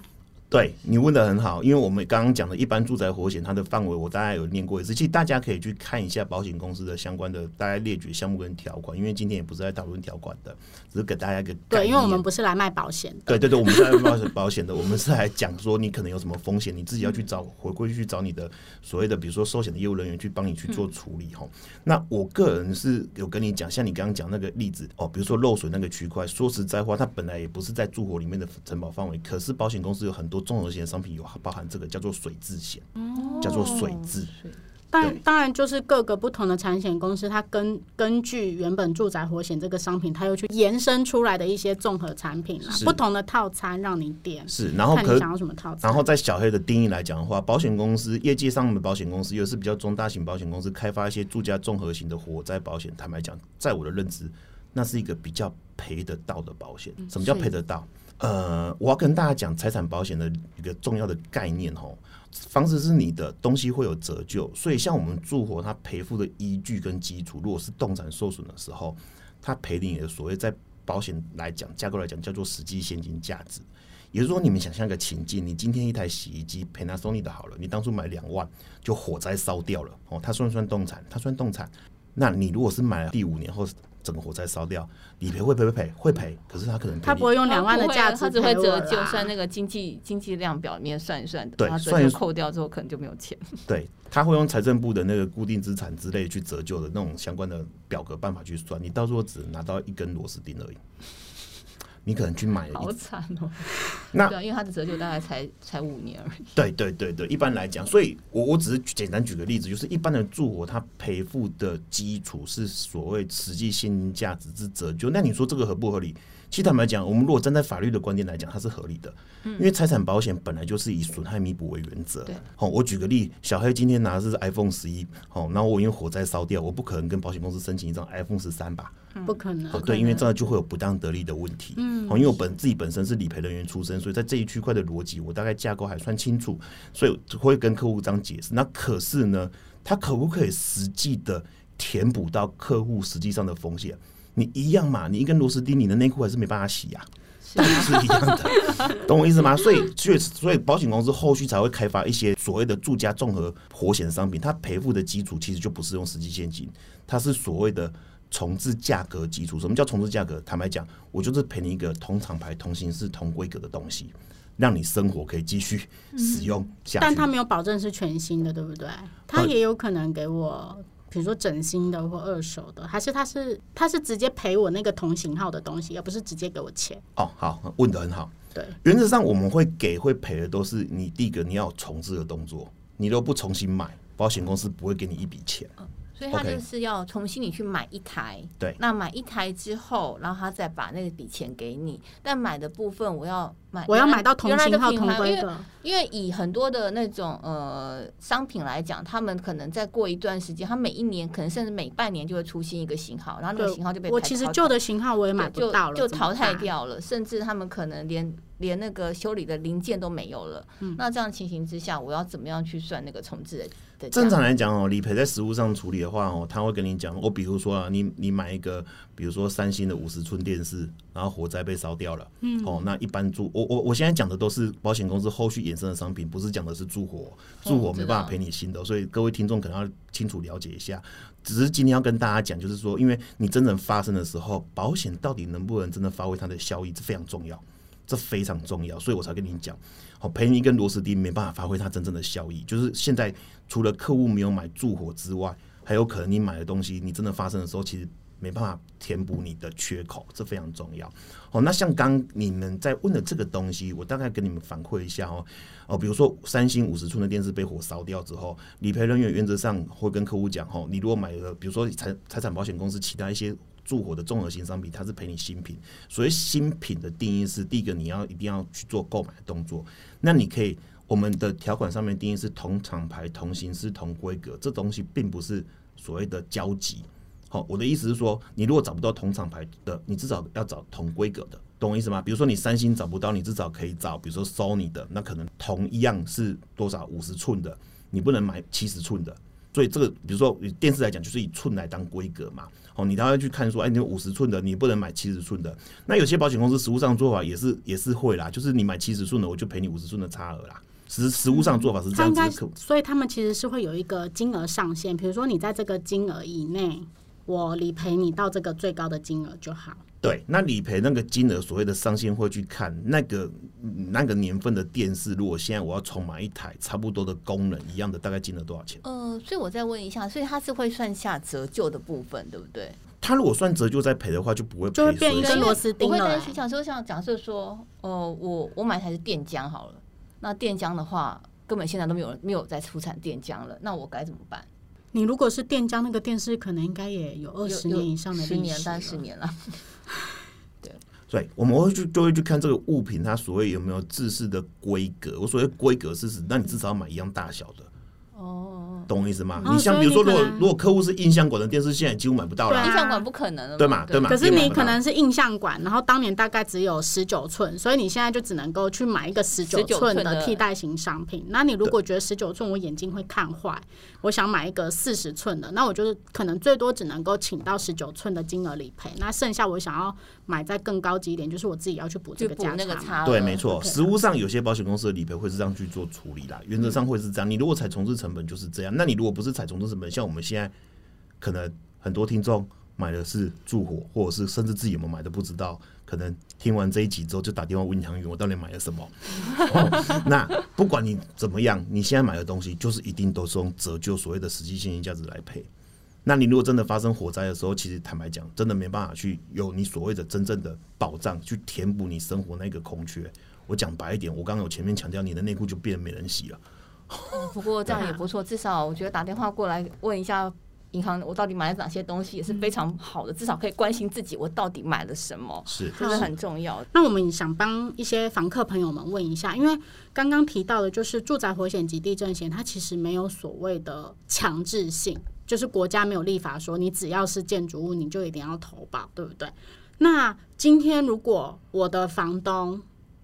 B: 對，你問的很好，因為我們剛剛講的一般住宅火險，它的範圍我大概有念過一次。其實大家可以去看一下保險公司的相關的大概列舉項目跟條款，因為今天也不是來討論條款的，只是給大家一個。對，
A: 因為我們不是來賣保險
B: 的。對對，對對，我們是來賣保險的， 我們是來講說你可能有什麼風險，你自己要去找，回過去去找你的所謂的，比如說壽險的業務人員去幫你去做處理哈、嗯。那我個人是有跟你講，像你剛剛講那個例子哦，比如說漏水那個區塊，說實在話，它本來也不是在住火裡面的承保範圍，可是保險公司有很多。綜合型的商品有包含這個叫做水漬險，哦，叫做水漬。但
A: 當然就是各個不同的產險公司，它根根據原本住宅火險，這個商品，它又去延伸出來的一些綜合產品，不同的套餐讓你點。是，然後可看你想要什麼套餐。然後
B: 在小黑的定義來講的話，保險公司業界上的保險公司，又是比較中大型保險公司，開發一些住家綜合型的火災保險。坦白講，在我的認知，那是一個比較賠得到的保險，嗯。什麼叫賠得到？呃，我要跟大家講財產保險的一個重要的概念哦，房子是你的東西會有折舊，所以像我們住火，它賠付的依據跟基礎，如果是動產受損的時候，它賠你，你的所謂在保險來講架構來講叫做實際現金價值。也就是說，你們想象一個情境，你今天一台洗衣機賠那 Panasonic 的好了，你當初買兩萬就火災燒掉了哦，它算不算動產？它算動產。那你如果是買了第五年或……整個火災燒掉，理賠會賠不賠？會賠，可是他可能他
A: 不會用兩萬的價值，他只會折舊，算
C: 那個經濟經濟量表裡面算一算，對，然後扣掉之後算算可能就沒有錢。
B: 對，他會用財政部的那個固定資產之類去折舊的那種相關的表格辦法去算，你到時候只拿到一根螺絲釘而已。你可能去買，好
C: 慘哦！那因為它的折舊大概才才五
B: 年而已。對對對對，一般來講，所以我我只是簡單舉個例子，就是一般的住戶他賠付的基礎是所謂實際現金價值之折舊，那你說這個合不合理？其實坦白講，我們如果站在法律的觀點來講，它是合理的。因為財產保險本來就是以損害彌補為原則。嗯、對，好、哦，我舉個例，小黑今天拿的是 iPhone 十一，好，然後我因為火災燒掉，我不可能跟保險公司申請一張 iPhone 十三吧、嗯？
A: 不可能、哦。對，因為這樣
B: 就會有不當得利的問題。嗯，好、哦，因為我本自己本身是理賠人員出身、嗯，所以在這一區塊的邏輯，我大概架構還算清楚，所以會跟客戶這樣解釋。那可是呢，他可不可以實際的填補到客戶實際上的風險？你一樣嘛？你一根螺絲釘，你的內褲還是沒辦法洗呀、啊，是，但是一樣的， 懂我意思嗎？所以，確實，所以保險公司後續才會開發一些所謂的住家綜合火險商品。它賠付的基礎其實就不是用實際現金，它是所謂的重置價格基礎。什麼叫重置價格？坦白講，我就是賠你一個同廠牌、同形式、同規格的東西，讓你生活可以繼續使用下、嗯。但他
A: 沒有保證是全新的，對不對？他也有可能給我。比如說整新的或二手的，還是他是他是直接賠我那個同型號的東西，而不是直接給我錢？
B: 哦，好，問得很好。對，原則上我們會給會賠的都是你第一個你要有重置的動作，你都不重新買，保險公司不會給你一筆錢。嗯
C: 所以，他就是要重新去買一台。對，okay。那買一台之後，然後他再把那個筆錢給你。但買的部分，我要買，我要買到同型號同規格因。因為以很多的那種呃商品來講，他們可能再過一段時間，他每一年可能甚至每半年就會出新一個型號，然後那個型號就被淘汰。我其實舊的
A: 型號我也買不到了，就，就淘汰掉
C: 了，甚至他們可能連。連那個修理的零件都沒有了，嗯、那這樣情形之下，我要怎麼樣去算那個重置的？正常來
B: 講哦，理賠在實物上處理的話哦，他會跟你講，我比如說啊，你你買一個，比如說三星的五十寸電視，然後火災被燒掉了，嗯，哦，那一般住我我我現在講的都是保險公司後續衍生的商品，不是講的是住火，住火沒辦法賠你新的、嗯，所以各位聽眾可能要清楚了解一下。只是今天要跟大家講，就是說，因為你真正發生的時候，保險到底能不能真的發揮它的效益，這非常重要。這非常重要，所以我才跟你講，好，賠你一根螺絲釘，沒辦法發揮它真正的效益，就是現在除了客戶沒有買住火之外，還有可能你買的東西你真的發生的時候，其實沒辦法填補你的缺口，這非常重要。好，那像剛你們在問的這個東西，我大概跟你們反饋一下哦，哦，比如說三星五十寸的電視被火燒掉之後，理賠人員原則上會跟客戶講，哦，你如果買了，比如說財財產保險公司其他一些。住火的綜合性商品，它是賠你新品。所以新品的定義是：第一個，你要一定要去做購買的動作。那你可以，我們的條款上面定義是同廠牌、同形式、同規格。這東西並不是所謂的交集。好，我的意思是說，你如果找不到同廠牌的，你至少要找同規格的，懂我意思嗎？比如說你三星找不到，你至少可以找，比如說索尼的，那可能同一樣是多少五十寸的，你不能買七十寸的。所以這個，比如說以電視來講，就是以寸來當規格嘛。哦，你當然要去看說，哎，你五十寸的，你不能買七十寸的。那有些保險公司實物上的做法也是也是會啦，就是你買七十寸的，我就賠你五十寸的差額啦。實實物上的做法是這樣子，嗯，
A: 所以他們其實是會有一個金額上限。比如說你在這個金額以內，我理賠你到這個最高的金額就好。
B: 對，那理賠那個金額，所謂的上限會去看那個那個年份的電視。如果現在我要重買一台差不多的功能一樣的，大概金額多少錢？
C: 呃，所以我再問一下，所以它是會算下折舊的部分，對不對？
B: 他如果算折舊再賠的話，就不會就會變一個螺
C: 絲釘。假設想假設說，哦、呃，我我買台是電漿好了，那電漿的話，根本現在都沒有人沒有在出產電漿了，那我該怎麼辦？
A: 你如果是電漿那個電視，可能應該也有二十年以上的了，十年三十年了。
B: 對，我們會去就會去看這個物品，它所謂有沒有制式的規格。我所謂規格是指，那你至少要買一樣大小的。哦。懂我意思嗎、哦？你像比如說如、哦，如果如果客戶是映像管的電視，現在幾乎買不到對、啊。映像
A: 管不可能。對嘛？對嘛對？可是你可能是映像管，然後當年大概只有十九寸，所以你現在就只能夠去買一個十九寸的替代型商品。商品那你如果覺得十九寸我眼睛會看壞，我想買一個四十寸的，那我就是可能最多只能夠請到十九寸的金額理賠，那剩下我想要買再更高級一點，就是我自己要去補這個價差，個差。對，沒錯，
B: 實、okay, 物上有些保險公司的理賠會是這樣去做處理的，原則上會是這樣。嗯、你如果採重置成本就是這樣。那你如果不是踩中這什麼？像我們現在可能很多聽眾買的是住火，或者是甚至自己有沒有買都不知道，可能聽完這一集之後就打電話問強宇，我到底買了什麼、 哦？那不管你怎麼樣，你現在買的東西就是一定都是用折舊，所謂的實際現金價值來賠。那你如果真的發生火災的時候，其實坦白講，真的沒辦法去有你所謂的真正的保障去填補你生活那個空缺。我講白一點，我剛剛有前面強調，你的內褲就變得沒人洗了。
C: 哦，不過這樣也不錯，至少我覺得打電話過來問一下銀行，
A: 我到底買了哪些東西也是非常好的，嗯，至少可以關心自己我到底買了什麼，是，這是很重要的。那我們想幫一些房客朋友們問一下，因為剛剛提到的就是住宅火險及地震險，它其實沒有所謂的強制性，就是國家沒有立法說你只要是建築物你就一定要投保，對不對？那今天如果我的房東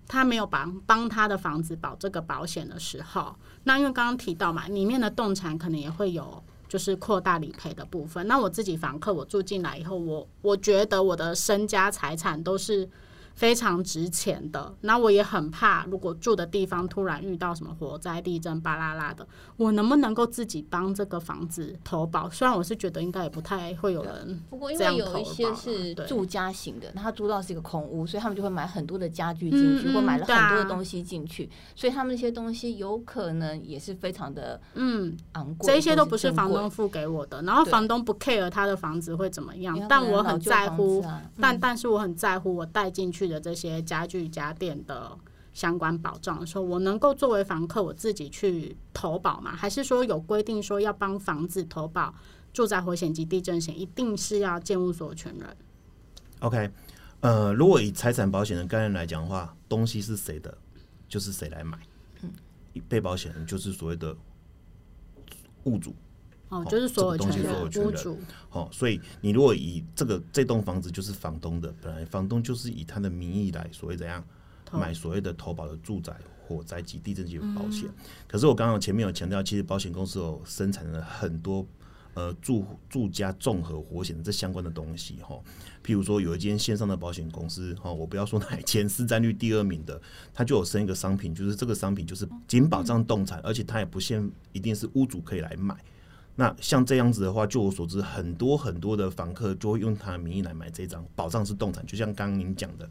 A: 他沒有保幫，幫他的房子保這個保險的時候。那因為剛剛提到嘛，裡面的動產可能也會有，就是擴大理賠的部分。那我自己房客，我住進來以後，我我覺得我的身家財產都是。非常值錢的，那我也很怕，如果住的地方突然遇到什麼火災、地震、巴拉拉的，我能不能夠自己幫這個房子投保？雖然我是覺得應該也不太會有人這樣投
C: 保，不過因為有一些是住
A: 家型的，那他租到是一個空
C: 屋，所以他們就會買很多的家具進去，或、嗯嗯、買了很多的東西進去，嗯，所以他們那些東西有
A: 可能也是非常的嗯昂貴。這些都不是房東付給我的，然後房東不 care 他的房子會怎麼樣，但我很在乎，啊嗯，但但是我很在乎我帶進去。的這些家具家電的相關保障的時候，我能夠作為房客我自己去投保嗎？還是說有規定說要幫房子投保住宅火險及地震險，一定是要建物所有權人
B: ？OK，呃，如果以財產保險的概念來講的話，東西是誰的，就是誰來買。
A: 嗯，
B: 被保險人就是所謂的物主。哦、就是所有權的、這個、屋主，好、哦，所以你如果以這個這棟房子就是房東的，本來房東就是以他的名義來所謂怎樣買所謂的投保的住宅火災及地震險保險、嗯。可是我剛剛前面有強調，其實保險公司有生產了很多呃住住家綜合火險這相關的東西哈、哦，譬如說有一間線上的保險公司哈、哦，我不要說那前市占率第二名的，它就有生一個商品，就是這個商品就是僅保障動產，嗯、而且它也不限一定是屋主可以來買。那像這樣子的話，就我所知，很多很多的房客就會用他的名義來買這張保障是動產，就像剛剛您講的，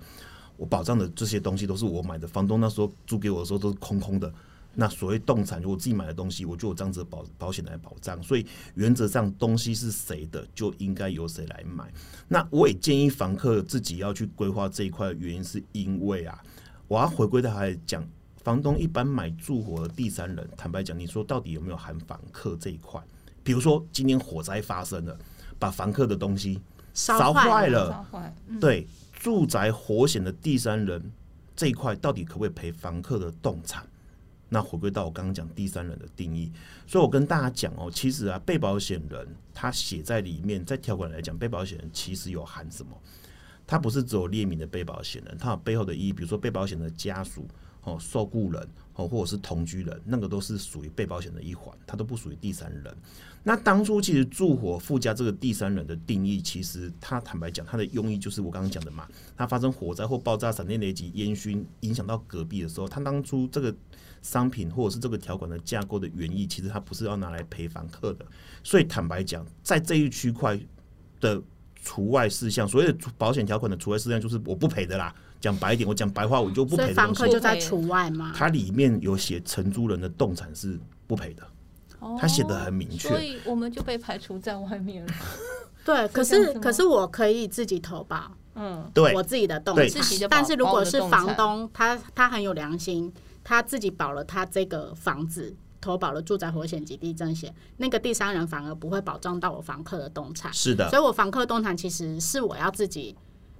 B: 我保障的這些東西都是我買的，房東那時候租給我的時候都是空空的。那所謂動產，就我自己買的東西，我就有這樣子的保保險來保障。所以原則上，東西是誰的就應該由誰來買。那我也建議房客自己要去規劃這一塊的原因是因為啊，我要回歸到來講，房東一般買住活的第三人，坦白講，你說到底有沒有含房客這一塊？比如說今天火災發生了，把房客的東西燒壞了，了，對了、嗯，對，住宅火險的第三人這一塊到底可不可以賠房客的動產？那回歸到我剛剛講第三人的定義，所以我跟大家講哦，其實啊，被保險人他寫在裡面，在條款來講，被保險人其實有含什麼？他不是只有列明的被保險人，他有背後的意義，比如說被保險的家屬。哦，受僱人哦，或者是同居人，那個都是屬於被保險的一環，它都不屬於第三人。那當初其實住火附加這個第三人的定義，其實他坦白講，它的用意就是我剛剛講的嘛。它發生火災或爆炸、閃電雷擊、煙燻影響到隔壁的時候，他當初這個商品或者是這個條款的架構的原意，其實他不是要拿來賠房客的。所以坦白講，在這一區塊的除外事項，所謂的保險條款的除外事項，就是我不賠的啦。講白一點，我講白話，我就不賠。所以房客就在除外嗎？欸、它裡面有寫承租人的動產是不賠的，
A: 他寫的很明確，所以我們就被排除在外面了。 對，可是可是我可以自己投保，嗯，對我自己的動產，自己的。但是如果是房東，動他他很有良心，他自己保了他這個房子，投保了住宅火險及地震險，那個第三人反而不會保障到我房客的動產。是的，所以我房客動產其實是我要自己。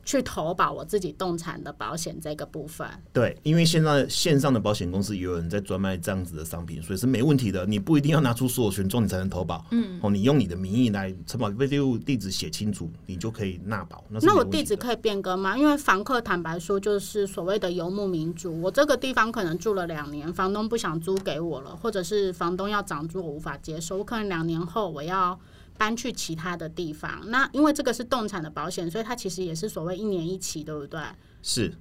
A: 去投保我自己動產的保險這個部分。
B: 對，因為現在線上的保險公司也有人在專賣這樣子的商品，所以是沒問題的。你不一定要拿出所有權狀，你才能投保。嗯，哦，你用你的名義來承保，把地地址寫清楚，你就可以納保。那，那我地址
A: 可以變更嗎？因為房客坦白說，就是所謂的游牧民族，我這個地方可能住了兩年，房東不想租給我了，或者是房東要漲租，我無法接受，我可能兩年後我要。搬去其他的地方，那因為這個是動產的保險，所以它其實也是所謂一年一期，對不對？是。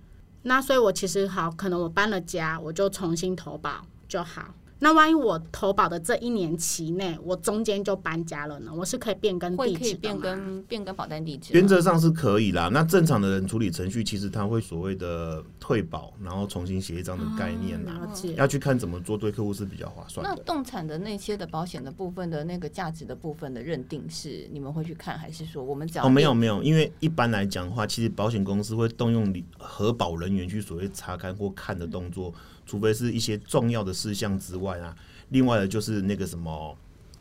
A: 那所以我其實好，可能我搬了家，我就重新投保就好。那萬一我投保的這一年期內，我中間就搬家了呢？我是可以變更地址嗎？會可以變更，變更保單地址啊。原則上是
B: 可以啦。那正常的人處理程序，其實他會所謂的退保，然後重新寫一張的概念啦、哦。要去看怎麼做，對客戶是比較划算的。那
C: 動產的那些的保險的部分的那個價值的部分的認定是你們會去看，還是說我們講？哦，沒有沒有，因
B: 為一般來講的話，其實保險公司會動用核保人員去所謂查看或看的動作。嗯除非是一些重要的事項之外啊，另外的就是那個什麼，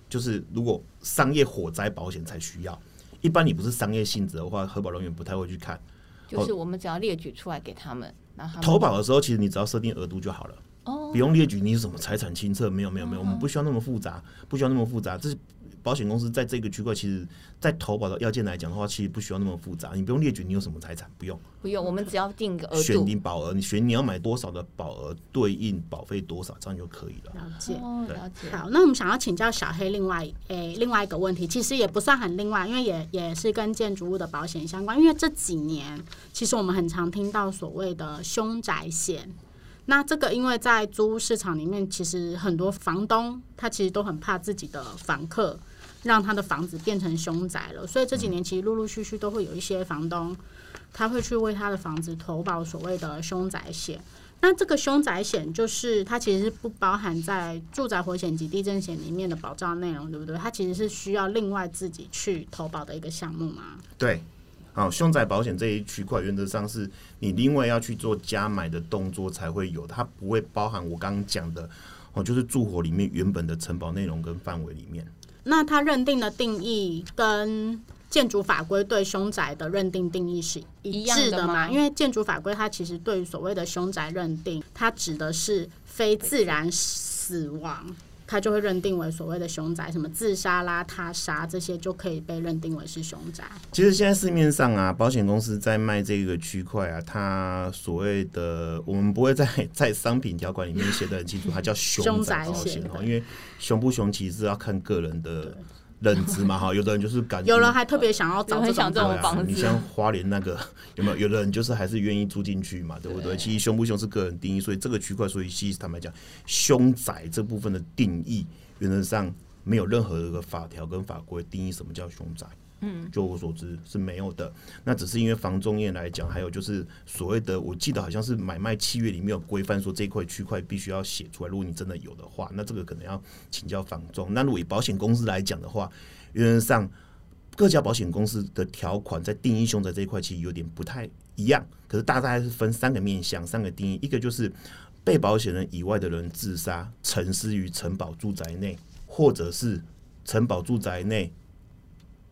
B: 就是如果商業火災保險才需要。一般你不是商業性質的話，核保人員不太會去看。就是我
C: 們只要列舉出來給他們，然後投保的
B: 時候，其實你只要設定額度就好
C: 了，哦、oh.，不用
B: 列舉你有什麼財產清冊，沒有沒有沒有，沒有 uh-huh. 我們不需要那麼複雜，不需要那麼複雜，這是。保險公司在這個區塊，其實，在投保的要件來講的話，其實不需要那麼複雜。你不用列舉你有什麼財產，不用，
C: 不用。我們只要
A: 定個額選定
B: 保額，你選你要買多少的保額，對應保費多少，這樣就可以了。哦，了
A: 解，了解。好，那我們想要請教小黑另外誒、欸、另外一個問題，其實也不算很另外，因為也也是跟建築物的保險相關。因為這幾年，其實我們很常聽到所謂的凶宅險。那這個因為在租屋市場裡面，其實很多房東他其實都很怕自己的房客。讓他的房子變成凶宅了，所以這幾年其實陸陸續續都會有一些房東，他會去為他的房子投保所謂的凶宅險。那這個凶宅險就是它其實是不包含在住宅火險及地震險裡面的保障內容，對不對？它其實是需要另外自己去投保的一個項目嘛。
B: 對，好，凶宅保險這一區塊原則上是你另外要去做加買的動作才會有，它不會包含我剛剛講的哦，就是住火裡面原本的承保內容跟範圍裡面。
A: 那它認定的定義跟建築法規對凶宅的認定定義是一致的，一樣的嗎？因為建築法規它其實對於所謂的凶宅認定，它指的是非自然死亡。他就會認定為所謂的凶宅，什麼自殺啦、他殺這些，就可以被認定為是凶宅。
B: 其實現在市面上啊，保險公司在賣這個區塊啊，它所謂的我們不會在在商品條款裡面寫得很清楚， 它叫凶宅保險，因為凶不凶其實要看個人的。認知嘛，哈， 有的人就是感有人還特
A: 別想要找，找，很想這種房子，啊。你像
B: 花蓮那個， 有沒有？有的人就是還是願意住進去嘛，對不對？對，其實凶不凶是個人定義，所以這個區塊，所以其實坦白講，凶宅這部分的定義，原則上沒有任何一個法條跟法規定義什麼叫凶宅。嗯，就我所知是沒有的。那只是因為房仲業來講，還有就是所謂的，我記得好像是買賣契約裡面有規範說，這一塊區塊必須要寫出來。如果你真的有的話，那這個可能要請教房仲。那如果以保險公司來講的話，原則上各家保險公司的條款在定義凶宅這一塊其實有點不太一樣，可是大概是分三個面向，三個定義，一個就是被保險人以外的人自殺、陳屍於承保住宅內，或者是承保住宅內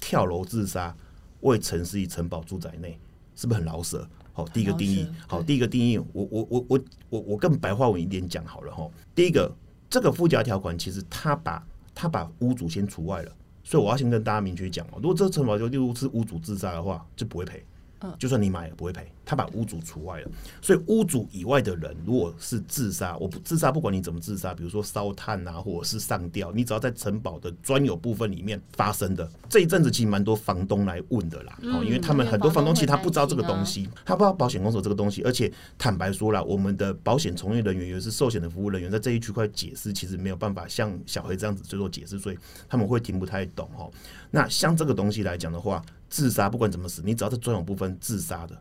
B: 跳樓自殺，為城市以城堡住宅內，是不是很老舍？好、喔，第一個定義。好、喔，第一個定義，我我我我我我更白話文一點講好了哈。第一個，這個附加條款其實他把他把屋主先除外了，所以我要先跟大家明確講哦，如果這個城堡就例如是屋主自殺的話，就不會賠。嗯，就算你買了，不會賠。哦他把屋主除外了，所以屋主以外的人，如果是自殺，我不自殺，不管你怎麼自殺，比如說燒炭啊，或者是上吊，你只要在城堡的專有部分裡面發生的這一陣子，其實蠻多房東來問的啦，哦，因為他們很多房東其實他不知道這個東西，他不知道保險公司有這個東西，而且坦白說啦，我們的保險從業人員，也是壽險的服務人員，在這一區塊解釋，其實沒有辦法像小黑這樣子做解釋，所以他們會聽不太懂哦。那像這個東西來講的話，自殺不管怎麼死，你只要在專有部分自殺的。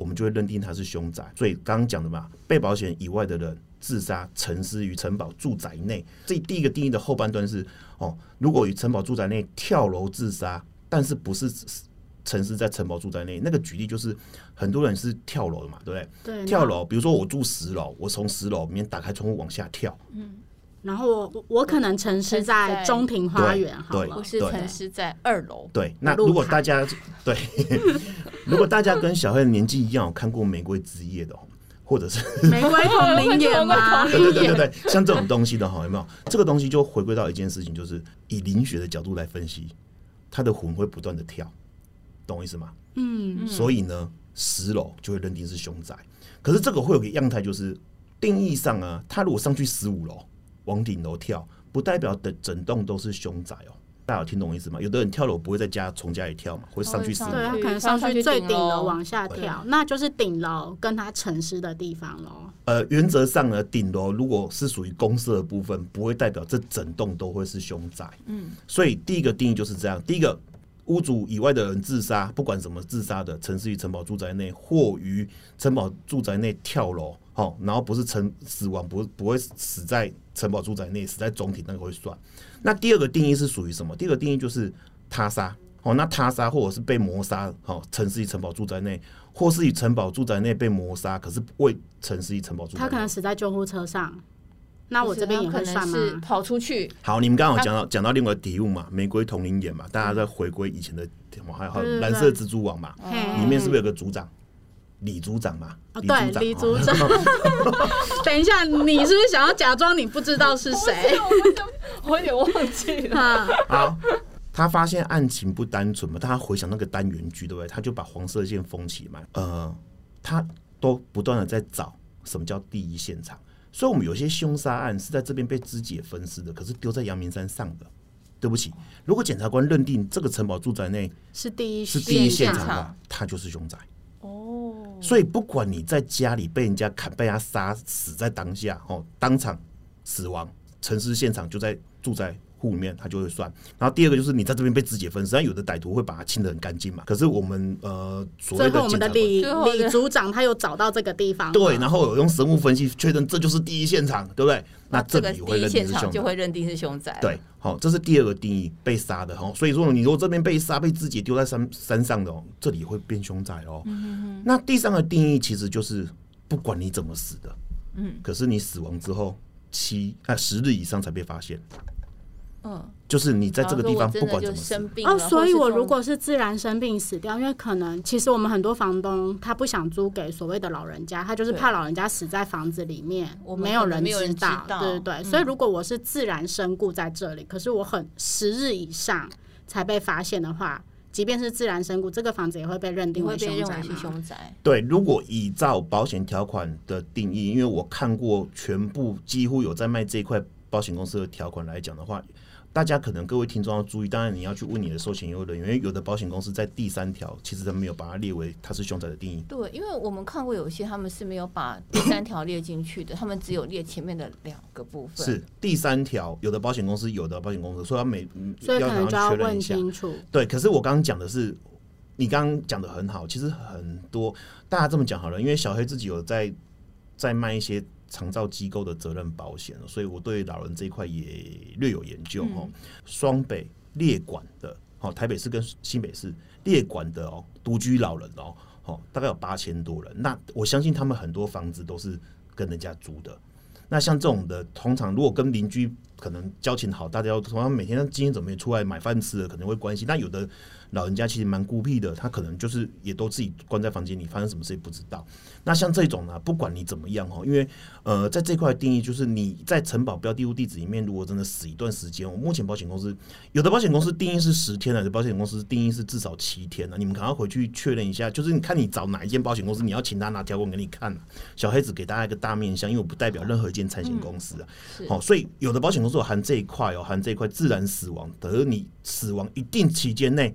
B: 我們就會認定他是凶宅。所以剛剛講的嘛，被保險以外的人自殺、陳屍於承保住宅內。這第一個定義的後半段是：哦，如果於承保住宅內跳樓自殺，但是不是陳屍在承保住宅內？那個舉例就是很多人是跳樓的嘛，對不對？對。跳樓，比如說我住十樓，我從十樓裡面打開窗戶往下跳。嗯。
A: 然後我我可能陳屍在中庭花園，好，我不是陳屍在二樓。
B: 對，那如果大家對， 如果大家跟小黑年紀一樣，有看過《玫瑰之夜》的，或者是《玫瑰瞳鈴》 眼嗎？ 對，對對對對，像這種東西的有沒有？這個東西就回歸到一件事情，就是以靈學的角度來分析，他的魂會不斷的跳，懂我意思嗎？嗯。嗯，所以呢，十樓就會認定是凶宅。可是這個會有個樣態，就是定義上啊，他如果上去十五樓。往頂樓跳，不代表的整棟都是凶宅哦、喔。大家有聽懂我意思嗎？有的人跳樓不會在家從家裡跳嘛，會上去死。對、啊，他可能上去最頂樓往下跳，
A: 那就是頂樓跟他陳屍的地方嘍、
B: 啊。呃，原則上呢，頂樓如果是屬於公司的部分，不會代表這整棟都會是凶宅。嗯，所以第一個定義就是這樣：第一個，屋主以外的人自殺，不管什麼自殺的，陳屍，於城堡住宅內或於城堡住宅內跳樓，吼，然後不是沉死亡不不會死在。城堡住宅內死在總體那個會算。那第二個定義是屬於什麼？第二個定義就是他殺哦。那他殺或者是被謀殺哦，城市與城堡住宅內，或是以城堡住宅內被謀殺，可是未城市與城堡住。他
A: 可能死在救護車上，那我這邊也會算嗎？算嗎是跑出去。
B: 好，你們剛有講到講到另外一個題目嘛，《玫瑰瞳鈴眼》嘛，大家在回歸以前的什麼？還有藍色蜘蛛網嘛對對對，裡面是不是有個組長？李組長嘛？啊，對，李組長。李啊，
A: 等一下， 你是不是想要假裝你不知道是誰？我有點忘記
B: 了。啊、好、哦，他發現案情不單純嘛？他回想那個單元劇，對不對？他就把黃色線封起嘛。呃，他都不斷的在找什麼叫第一現場。所以，我們有些兇殺案是在這邊被肢解分屍的，可是丟在陽明山上的。對不起，如果檢察官認定這個城堡住宅內是第一
A: 現場的話，是第一現場的話，
B: 他就是凶宅。所以不管你在家裡被人家砍，被人家殺死，在當下，哦，當場死亡，陳屍現場就在住宅。戶裡面他就會算，然後第二個就是你在這邊被肢解分屍。有的歹徒會把它清的很乾淨嘛。可是我們呃所謂的，我們的李
A: 李組長，他有找到這個地方，對，
B: 然後有用生物分析確認這就是第一現場，對不對？那這個也會認定是凶，就會
C: 認定是凶宅，對，
B: 好、哦，這是第二個定義被殺的哦。所以說，你如果這邊被殺被肢解丟在山山上的、哦，這裡會變凶宅哦、嗯。那第三個定義其實就是不管你怎麼死的，嗯，可是你死亡之後七啊十日以上才被發現。嗯，就是你在這個地方不管怎麼
A: 生病哦，所以我如果是自然生病死掉，因為可能其實我們很多房東他不想租給所謂的老人家，他就是怕老人家死在房子裡面，沒有，我沒有人知道，對對、對。嗯，所以如果我是自然身故在這裡，嗯，可是我很十日以上才被發現的話，即便是自然身故，這個房子也會被認定為凶宅，被用凶宅。
B: 對，如果依照保險條款的定義，因為我看過全部幾乎有在賣這一塊保險公司的條款來講的話。大家可能各位聽眾要注意，當然你要去問你的售前業務人員，因為有的保險公司在第三條其實他沒有把它列為它是凶宅的定義。
C: 對，因為我們看過有些他們是沒有把第三條列進去的，咳咳，他們只有列前面的兩個部分。是
B: 第三條，有的保險公司，有的保險公司，所以它每、嗯、所以可能就要去確認一下，問清楚。對，可是我剛剛講的是，你剛剛講的很好，其實很多大家這麼講好了，因為小黑自己有在在賣一些。長照機構的責任保險，所以我對老人這一塊也略有研究哦。嗯、雙北列管的，好，台北市跟新北市列管的哦，獨居老人哦，好，大概有八千多人。那我相信他們很多房子都是跟人家租的。那像這種的，通常如果跟鄰居。可能交情好，大家通常每天今天怎麼也出來買飯吃，的，可能會關心。那有的老人家其實蠻孤僻的，他可能就是也都自己關在房間裡，發生什麼事也不知道。那像這種呢、啊，不管你怎麼樣哦，因為呃，在這塊定義就是你在城堡標的物地址裡面，如果真的死一段時間，我目前保險公司有的保險公司定義是十天的，有的保險公司定義是至少七天的、啊。你們趕快回去確認一下。就是你看你找哪一間保險公司，你要請他拿條文給你看、啊。小黑子給大家一個大面向，因為我不代表任何一間產險公司啊。好、嗯哦，所以有的保險公司。所含，這一塊哦，含這一塊自然死亡，等你死亡一定期間內，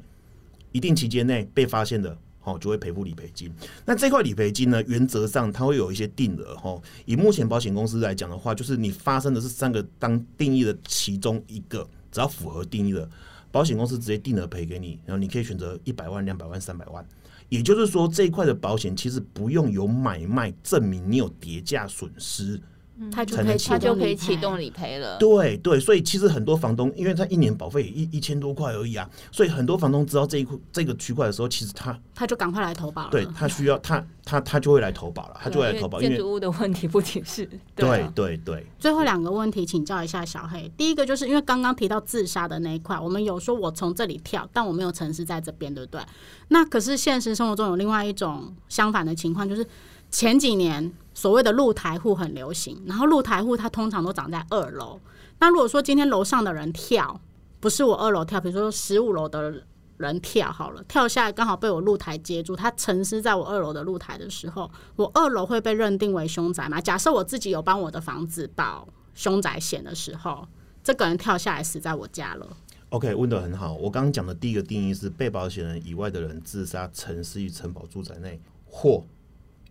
B: 一定期間內被發現的，哦，就會賠付理賠金。那這塊理賠金呢，原則上它會有一些定額，哈。以目前保險公司來講的話，就是你發生的是三個當定義的其中一個，只要符合定義的，保險公司直接定額賠給你，然後你可以選擇一百萬、兩百萬、三百萬。也就是說，這一塊的保險其實不用有買賣證明，你有跌價損失。
C: 嗯、他就可以，他就可以啟動理賠
B: 了。對對，所以其實很多房東，因為他一年保費一一千多塊而已啊，所以很多房東知道這一塊這個區塊的時候，其實他
A: 他就趕快來投保了。對
B: 他需要他他他，他就會來投保了，他就會來投保。因為建築物
A: 的問題不僅是對
B: 啊，對對對。
A: 最後兩個問題請教一下小黑，第一個就是因為剛剛提到自殺的那一塊，我們有說我從這裡跳，但我沒有陳屍在這邊，對不對？那可是現實生活中有另外一種相反的情況，就是。前幾年所謂的露台戶很流行，然後露台戶它通常都長在二樓。那如果說今天樓上的人跳，不是我二樓跳，比如說十五樓的人跳好了，跳下來剛好被我露台接住，他陳屍在我二樓的露台的時候，我二樓會被認定為凶宅嗎？假設我自己有幫我的房子保凶宅險的時候，這個人跳下來死在我家了。
B: OK，問得很好。我剛剛講的第一個定義是被保險人以外的人自殺陳屍於承保住宅內或。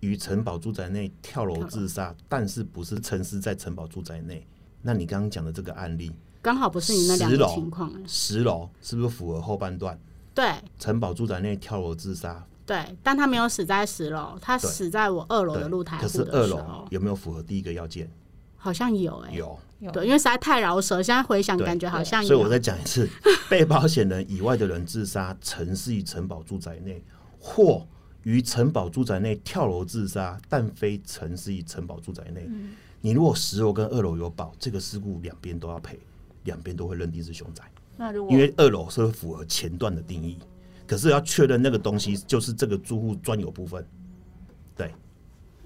B: 於承保住宅內跳樓自殺，但是不是陳屍在承保住宅內？那你剛剛講的這個案例，
A: 剛好不是你那兩種情況。
B: 十樓是不是符合後半段？對，承保住宅內跳樓自殺。
A: 對，但他沒有死在十樓，他死在我二樓的露台的。可是二樓
B: 有沒有符合第一個要件？好像有、欸，哎，有。有、
A: 欸。對，因為實在太饒舌，現在回想感覺，感覺好像有。所以，我再
B: 講一次： 被保險人以外的人自殺，陳屍於承保住宅內，或。於承保住宅內跳樓自殺，但非死於承保住宅內，嗯。你如果十樓跟二樓有保，這個事故兩邊都要賠，兩邊都會認定是凶宅。那如果因為二樓是符合前段的定義，可是要確認那個東西就是這個住戶專有部分。對，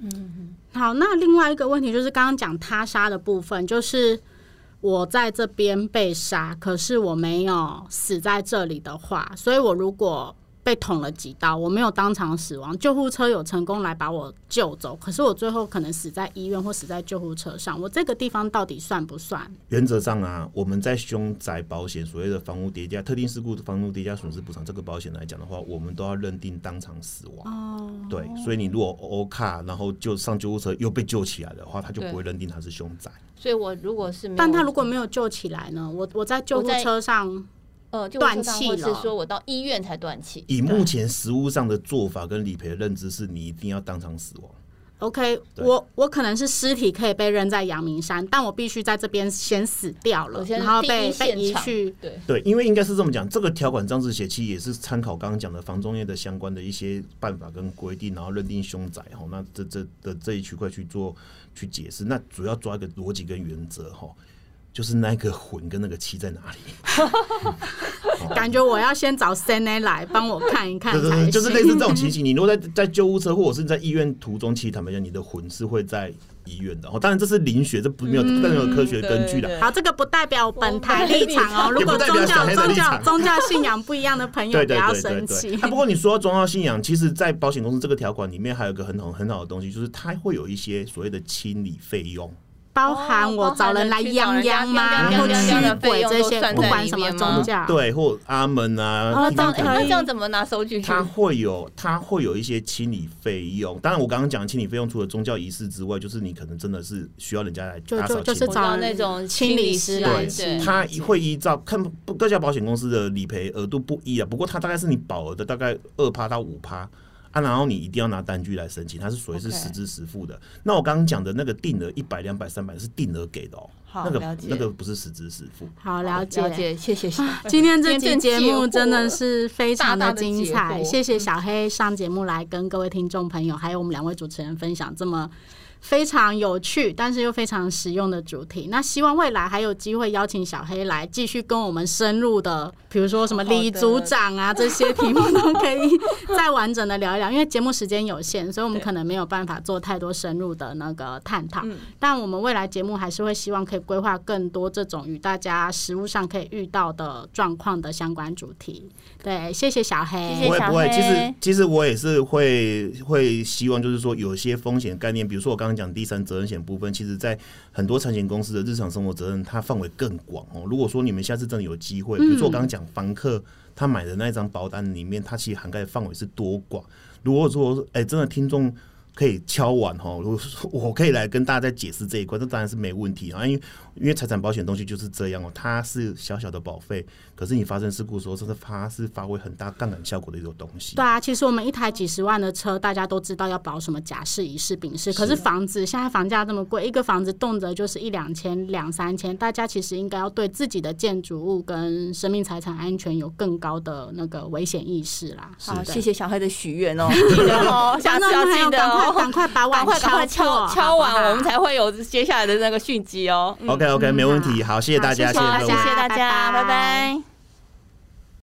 A: 嗯，好。那另外一個問題就是剛剛講他殺的部分，就是我在這邊被殺，可是我沒有死在這裡的話，所以我如果，被捅了幾刀，我沒有當場死亡，救護車有成功來把我救走，可是我最後可能死在醫院或死在救護車上。我這個地方到底算不算？
B: 原則上啊，我們在凶宅保險所謂的房屋跌價特定事故的房屋跌價損失補償這個保險來講的話，我們都要認定當場死亡。哦，對，所以你如果 OHCA，然後就上救護車又被救起來的話，他就不會認定他是凶宅。
A: 所以我如果是，但他如果沒有救起來呢？我我在救護車上。呃，斷氣了，或是說我到醫院才斷氣。以目
B: 前實務上的做法跟理賠的認知，是你一定要當場死亡。
A: OK，我我可能是屍體可以被扔在陽明山，但我必須在這邊先死掉了，然後被被移去。
B: 對對，因為應該是這麼講，這個條款、章子寫其實也是參考剛剛講的房仲業的相關的一些辦法跟規定，然後認定凶宅哈。那這這的這，這一區塊去做去解釋，那主要抓一個邏輯跟原則哈。就是那個魂跟那個氣在哪裡？嗯？
A: 感覺我要先找 cn 來幫我看一看。 就是類似這種情
B: 形。你如果在在救護車或者是在醫院途中，其實坦白講你的魂是會在醫院的。哦，當然這是靈學，這不沒有、嗯、沒有科學根據的。好，
A: 這個不代表本台立場哦。如果宗教，果宗，教，宗，教宗教信仰不一樣的朋友 不要生氣、 啊。
B: 不過你說宗教信仰，其實在保險公司這個條款裡面還有一個很好很好的東西，就是它會有一些所謂的清理費用。
A: 包含我找人來
B: 養養嗎？後期的費些，嗯，不管什麼宗教啊，嗯，對，或阿門啊，都可以。那這樣
C: 怎麼拿收據？他
B: 會有，他會有一些清理費用。當然，我剛剛講的清理費用，除了，除了宗教儀式之外，就是你可能真的是需要人家來打掃清理，就、就、就是找那
C: 種清理師來。對，他會
B: 依照看各家保險公司的理賠額度不一啊。不過他大概是你保額的大概二趴到五趴。啊，然後你一定要拿單據來申請，它是屬於是實支實付的，okay。那我剛剛講的那個定額一百、兩百、三百是定額給的哦，喔，那個那個不是實支實付。
A: 好，了解，了解，謝謝。今天這期節目真的是非常的精彩，大大謝謝小黑上節目來跟各位聽眾朋友，還有我們兩位主持人分享這麼。非常有趣，但是又非常實用的主題。那希望未來還有機會邀請小黑來繼續跟我們深入的，比如說什麼李組長啊、oh, 這些題目都可以再完整的聊一聊。 因為節目時間有限，所以我們可能沒有辦法做太多深入的那個探討。但我們未來節目還是會希望可以規劃更多這種與大家實務上可以遇到的狀況的相關主題。對，謝謝小黑，謝謝小黑。不會，不會。
B: 其實，其實我也是會會希望，就是說有些風險概念，比如說我剛。我剛講第三責任險部分，其實，在很多產險公司的日常生活責任，它範圍更廣哦。如果說你們下次真的有機會，比如說我剛剛講房客他買的那張保單裡面，它其實涵蓋範圍是多廣。如果說哎、欸，真的聽眾可以敲完哦，如果說我可以來跟大家再解釋這一塊，這當然是沒問題啊，因為。因為財產保險東西就是這樣哦，它是小小的保費，可是你發生事故的時候，它是發揮很大槓桿效果的一種東西。對啊，
A: 其實我們一台幾十萬的車，大家都知道要保什麼甲式、乙式、丙式，可是房子是，啊，現在房價這麼貴，一個房子動輒就是一兩千、兩三千，大家其實應該要對自己的建築物跟生命財產安全有更高的那個危險意識啦。好，啊，謝謝小黑的許願哦， 了哦 下個嘉賓的，趕快，快把碗
C: 快趕快敲敲，敲，敲完好好，我們才會有接下來的那個訊息哦。嗯、OK。
B: OK，沒問題。好，謝謝大家，謝謝各位，好，謝謝
C: 大家，拜拜，拜拜。